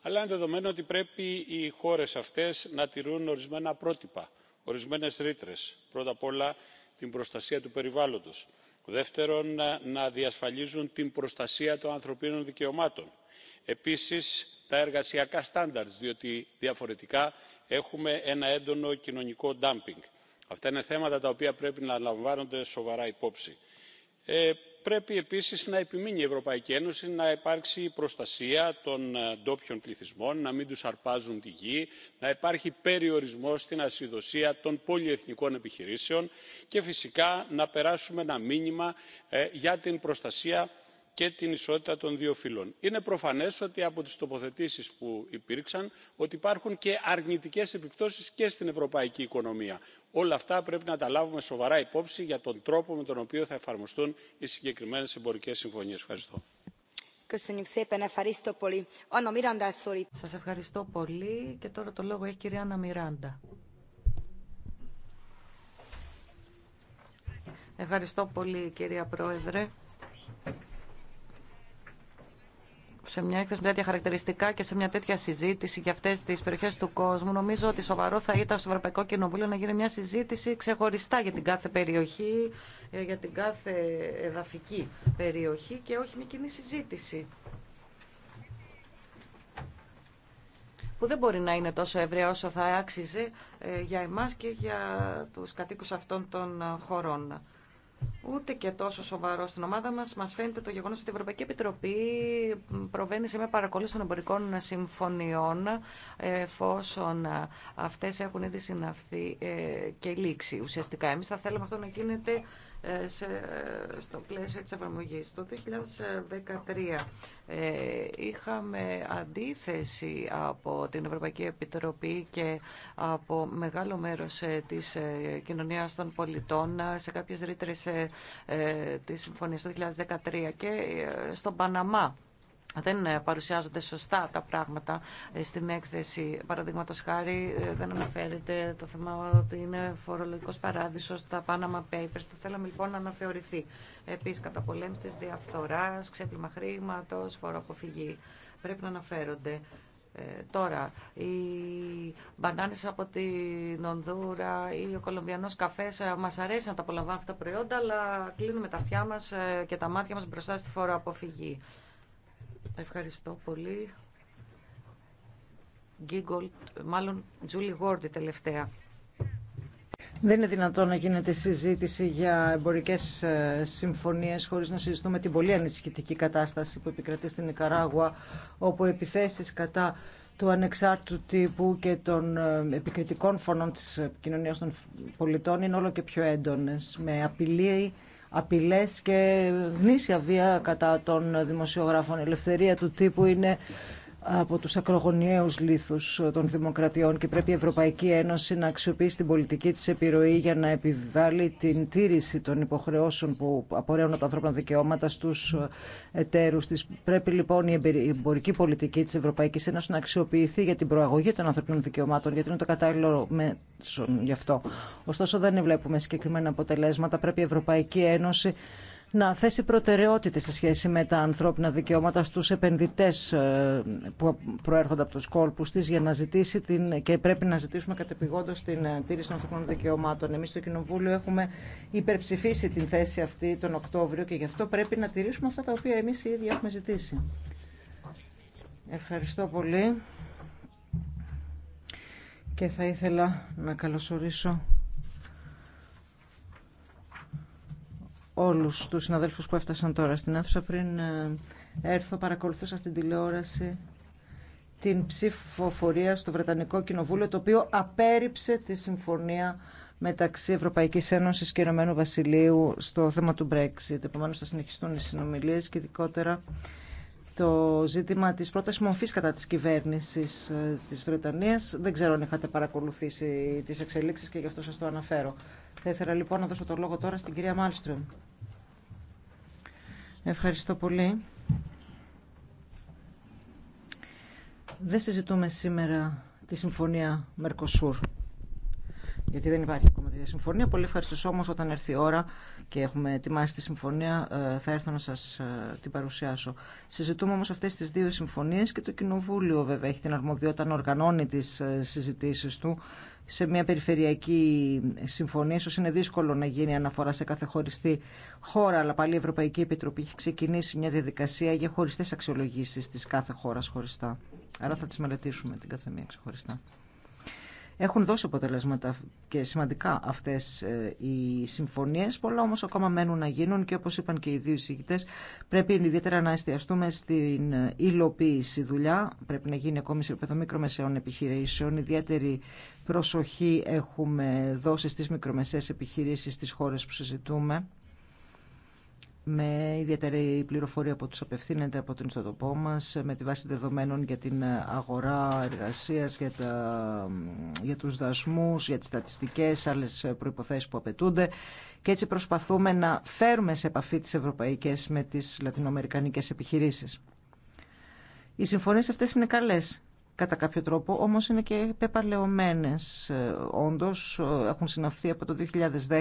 αλλά είναι δεδομένο ότι πρέπει οι χώρες αυτές να τηρούν ορισμένα πρότυπα ορισμένες ρήτρες πρώτα απ' όλα την προστασία του περιβάλλοντος δεύτερον να διασφαλίζουν την προστασία των ανθρωπίνων δικαιωμάτων επίσης τα εργασιακά στάνταρτς, διότι διαφορετικά έχουμε ένα έντονο κοινωνικό ντάμπινγκ. αυτά είναι θέματα τα οποία πρέπει να λαμβάνονται σοβαρά υπόψη. Ε, πρέπει επίσης να επιμείνει η ευρωπαϊκή ένωση να υπάρξει προστασία των ε, ντόπιων πληθυσμών να μην τους αρπάζουν τη γη να υπάρχει περιορισμός στην ασυδοσία των πολυεθνικών επιχειρήσεων και φυσικά να περάσουμε ένα μήνυμα ε, για την προστασία και την ισότητα των δύο φύλων. είναι προφανές ότι από τις τοποθετήσεις που υπήρξαν ότι υπάρχουν και αρνητικές επιπτώσεις και στην ευρωπαϊκή οικονομία. όλα αυτά πρέπει να τα λάβουμε σοβαρά υπόψη για τον τρόπο με τον οποίο θα εφαρμοστούν οι συγκεκριμένες εμπορικές συμφωνίες. ευχαριστώ. Σας ευχαριστώ πολύ και τώρα το λόγο έχει η κυρία Άννα Ευχαριστώ πολύ κυρία Πρόεδρε. σε μια έκθεση με τέτοια χαρακτηριστικά και σε μια τέτοια συζήτηση για αυτέ τι περιοχέ του κόσμου, νομίζω ότι σοβαρό θα ήταν στο Ευρωπαϊκό Κοινοβούλιο να γίνει μια συζήτηση ξεχωριστά για την κάθε περιοχή, ε, για την κάθε εδαφική περιοχή και όχι μια κοινή συζήτηση. που δεν μπορεί να είναι τόσο ευρεία όσο θα άξιζε ε, για εμάς και για τους κατοίκους αυτών των χωρών ούτε και τόσο σοβαρό στην ομάδα μας. Μας φαίνεται το γεγονός ότι η Ευρωπαϊκή Επιτροπή προβαίνει σε μια παρακολούθηση των εμπορικών συμφωνιών εφόσον αυτές έχουν ήδη συναυθεί ε, και λήξει ουσιαστικά. Εμείς θα θέλαμε αυτό να γίνεται στο πλαίσιο της εφαρμογής. Το 2013 ε, είχαμε αντίθεση από την Ευρωπαϊκή Επιτροπή και από μεγάλο μέρος ε, της ε, κοινωνίας των πολιτών σε κάποιες ρήτρες της συμφωνίας το 2013 και στον Παναμά δεν ε, παρουσιάζονται σωστά τα πράγματα ε, στην έκθεση. Παραδείγματο χάρη ε, δεν αναφέρεται το θέμα ότι είναι φορολογικό παράδεισο τα Panama Papers. Θα θέλαμε λοιπόν να αναθεωρηθεί. Επίση, καταπολέμηση τη διαφθορά, ξέπλυμα χρήματο, φοροαποφυγή. Πρέπει να αναφέρονται. τώρα, οι μπανάνες από την Ονδούρα ή ο κολομβιανός καφές μας αρέσει να τα απολαμβάνουν αυτά τα προϊόντα, αλλά κλείνουμε τα αυτιά μας και τα μάτια μας μπροστά στη φοροαποφυγή. Ευχαριστώ πολύ. Γκίγκολ, μάλλον Τζούλι Γόρντι τελευταία. Δεν είναι δυνατόν να γίνεται συζήτηση για εμπορικέ ε, συμφωνίε χωρί να συζητούμε την πολύ ανησυχητική κατάσταση που επικρατεί στην Ικαράγουα όπου επιθέσεις κατά του ανεξάρτητου τύπου και των ε, επικριτικών φωνών της κοινωνίας των πολιτών είναι όλο και πιο έντονες, με απειλή απιλές και γνήσια βία κατά των δημοσιογράφων. Η ελευθερία του τύπου είναι από τους ακρογωνιαίους λήθους των δημοκρατιών και πρέπει η Ευρωπαϊκή Ένωση να αξιοποιήσει την πολιτική της επιρροή για να επιβάλλει την τήρηση των υποχρεώσεων που απορρέουν από τα ανθρώπινα δικαιώματα στους εταίρους της. Πρέπει λοιπόν η εμπορική πολιτική της Ευρωπαϊκής Ένωσης να αξιοποιηθεί για την προαγωγή των ανθρωπίνων δικαιωμάτων γιατί είναι το κατάλληλο μέσο γι' αυτό. Ωστόσο δεν βλέπουμε συγκεκριμένα αποτελέσματα. Πρέπει η Ευρωπαϊκή Ένωση να θέσει προτεραιότητες σε σχέση με τα ανθρώπινα δικαιώματα στους επενδυτές ε, που προέρχονται από τους κόλπους της για να ζητήσει την, και πρέπει να ζητήσουμε κατεπηγόντως την ε, τήρηση των ανθρώπινων δικαιωμάτων. Εμείς στο Κοινοβούλιο έχουμε υπερψηφίσει την θέση αυτή τον Οκτώβριο και γι' αυτό πρέπει να τηρήσουμε αυτά τα οποία εμείς οι ίδιοι έχουμε ζητήσει. Ευχαριστώ πολύ και θα ήθελα να καλωσορίσω όλους τους συναδέλφους που έφτασαν τώρα στην αίθουσα. Πριν ε, έρθω παρακολουθούσα στην τηλεόραση την ψηφοφορία στο Βρετανικό Κοινοβούλιο το οποίο απέρριψε τη συμφωνία μεταξύ Ευρωπαϊκής Ένωσης και Ηνωμένου Βασιλείου στο θέμα του Brexit. Επομένω θα συνεχιστούν οι συνομιλίες και ειδικότερα το ζήτημα της πρώτας μορφής κατά της κυβέρνησης ε, της Βρετανίας. Δεν ξέρω αν είχατε παρακολουθήσει τις εξελίξεις και γι' αυτό σας το αναφέρω. Θα ήθελα λοιπόν να δώσω το λόγο τώρα στην κυρία Μάλστρομ. Ευχαριστώ πολύ. Δεν συζητούμε σήμερα τη συμφωνία Μερκοσούρ. Γιατί δεν υπάρχει ακόμα τέτοια συμφωνία. Πολύ ευχαριστώ όμω όταν έρθει η ώρα και έχουμε ετοιμάσει τη συμφωνία, ε, θα έρθω να σα ε, την παρουσιάσω. Συζητούμε όμω αυτέ τι δύο συμφωνίε και το Κοινοβούλιο βέβαια έχει την αρμοδιότητα να οργανώνει τι ε, συζητήσει του σε μια περιφερειακή συμφωνία. Ίσως είναι δύσκολο να γίνει αναφορά σε κάθε χωριστή χώρα, αλλά πάλι η Ευρωπαϊκή Επιτροπή έχει ξεκινήσει μια διαδικασία για χωριστέ αξιολογήσει τη κάθε χώρας χωριστά. Άρα θα τις μελετήσουμε την καθεμία ξεχωριστά. Έχουν δώσει αποτελέσματα και σημαντικά αυτές ε, οι συμφωνίες. Πολλά όμως ακόμα μένουν να γίνουν και όπως είπαν και οι δύο εισηγητές πρέπει ιδιαίτερα να εστιαστούμε στην ε, υλοποίηση δουλειά. Πρέπει να γίνει ακόμη σε επίπεδο μικρομεσαίων επιχειρήσεων. Ιδιαίτερη προσοχή έχουμε δώσει στις μικρομεσαίες επιχειρήσεις στις χώρες που συζητούμε με ιδιαίτερη πληροφορία που τους απευθύνεται από τον ιστοτοπό μας, με τη βάση δεδομένων για την αγορά εργασίας, για, τα, για τους δασμούς, για τις στατιστικές, άλλες προϋποθέσεις που απαιτούνται. Και έτσι προσπαθούμε να φέρουμε σε επαφή τις ευρωπαϊκές με τις λατινοαμερικανικές επιχειρήσεις. Οι συμφωνίες αυτές είναι καλές κατά κάποιο τρόπο, όμως είναι και πεπαλαιωμένες. Ε, όντως ε, έχουν συναυθεί από το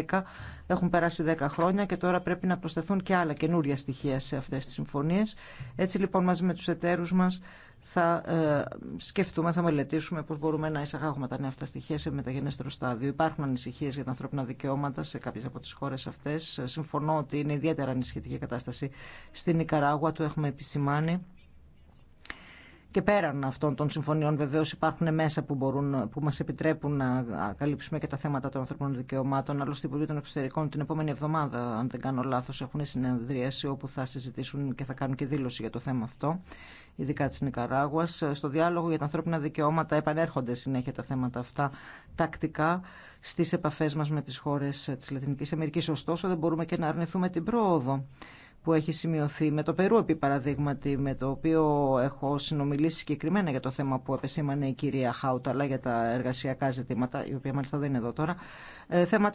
2010, έχουν περάσει 10 χρόνια και τώρα πρέπει να προσθεθούν και άλλα καινούρια στοιχεία σε αυτές τις συμφωνίες. Έτσι λοιπόν μαζί με τους εταίρους μας θα ε, σκεφτούμε, θα μελετήσουμε πώς μπορούμε να εισαγάγουμε τα νέα αυτά στοιχεία σε μεταγενέστερο στάδιο. Υπάρχουν ανησυχίες για τα ανθρώπινα δικαιώματα σε κάποιες από τις χώρες αυτές. Συμφωνώ ότι είναι ιδιαίτερα ανησυχητική κατάσταση στην Ικαράγουα, το έχουμε επισημάνει και πέραν αυτών των συμφωνιών βεβαίως υπάρχουν μέσα που, μπορούν, που μας επιτρέπουν να καλύψουμε και τα θέματα των ανθρωπίνων δικαιωμάτων. Άλλωστε, οι Υπουργοί των Εξωτερικών την επόμενη εβδομάδα, αν δεν κάνω λάθος, έχουν συνεδρίαση όπου θα συζητήσουν και θα κάνουν και δήλωση για το θέμα αυτό ειδικά της Νικαράγουας. Στο διάλογο για τα ανθρώπινα δικαιώματα επανέρχονται συνέχεια τα θέματα αυτά τακτικά στις επαφές μας με τις χώρες της Λατινικής Αμερικής. Ωστόσο δεν μπορούμε και να αρνηθούμε την πρόοδο που έχει σημειωθεί με το Περού επί παραδείγματι, με το οποίο έχω συνομιλήσει συγκεκριμένα για το θέμα που επεσήμανε η κυρία Χάουταλα για τα εργασιακά ζητήματα, η οποία μάλιστα δεν είναι εδώ τώρα, ε, θέματα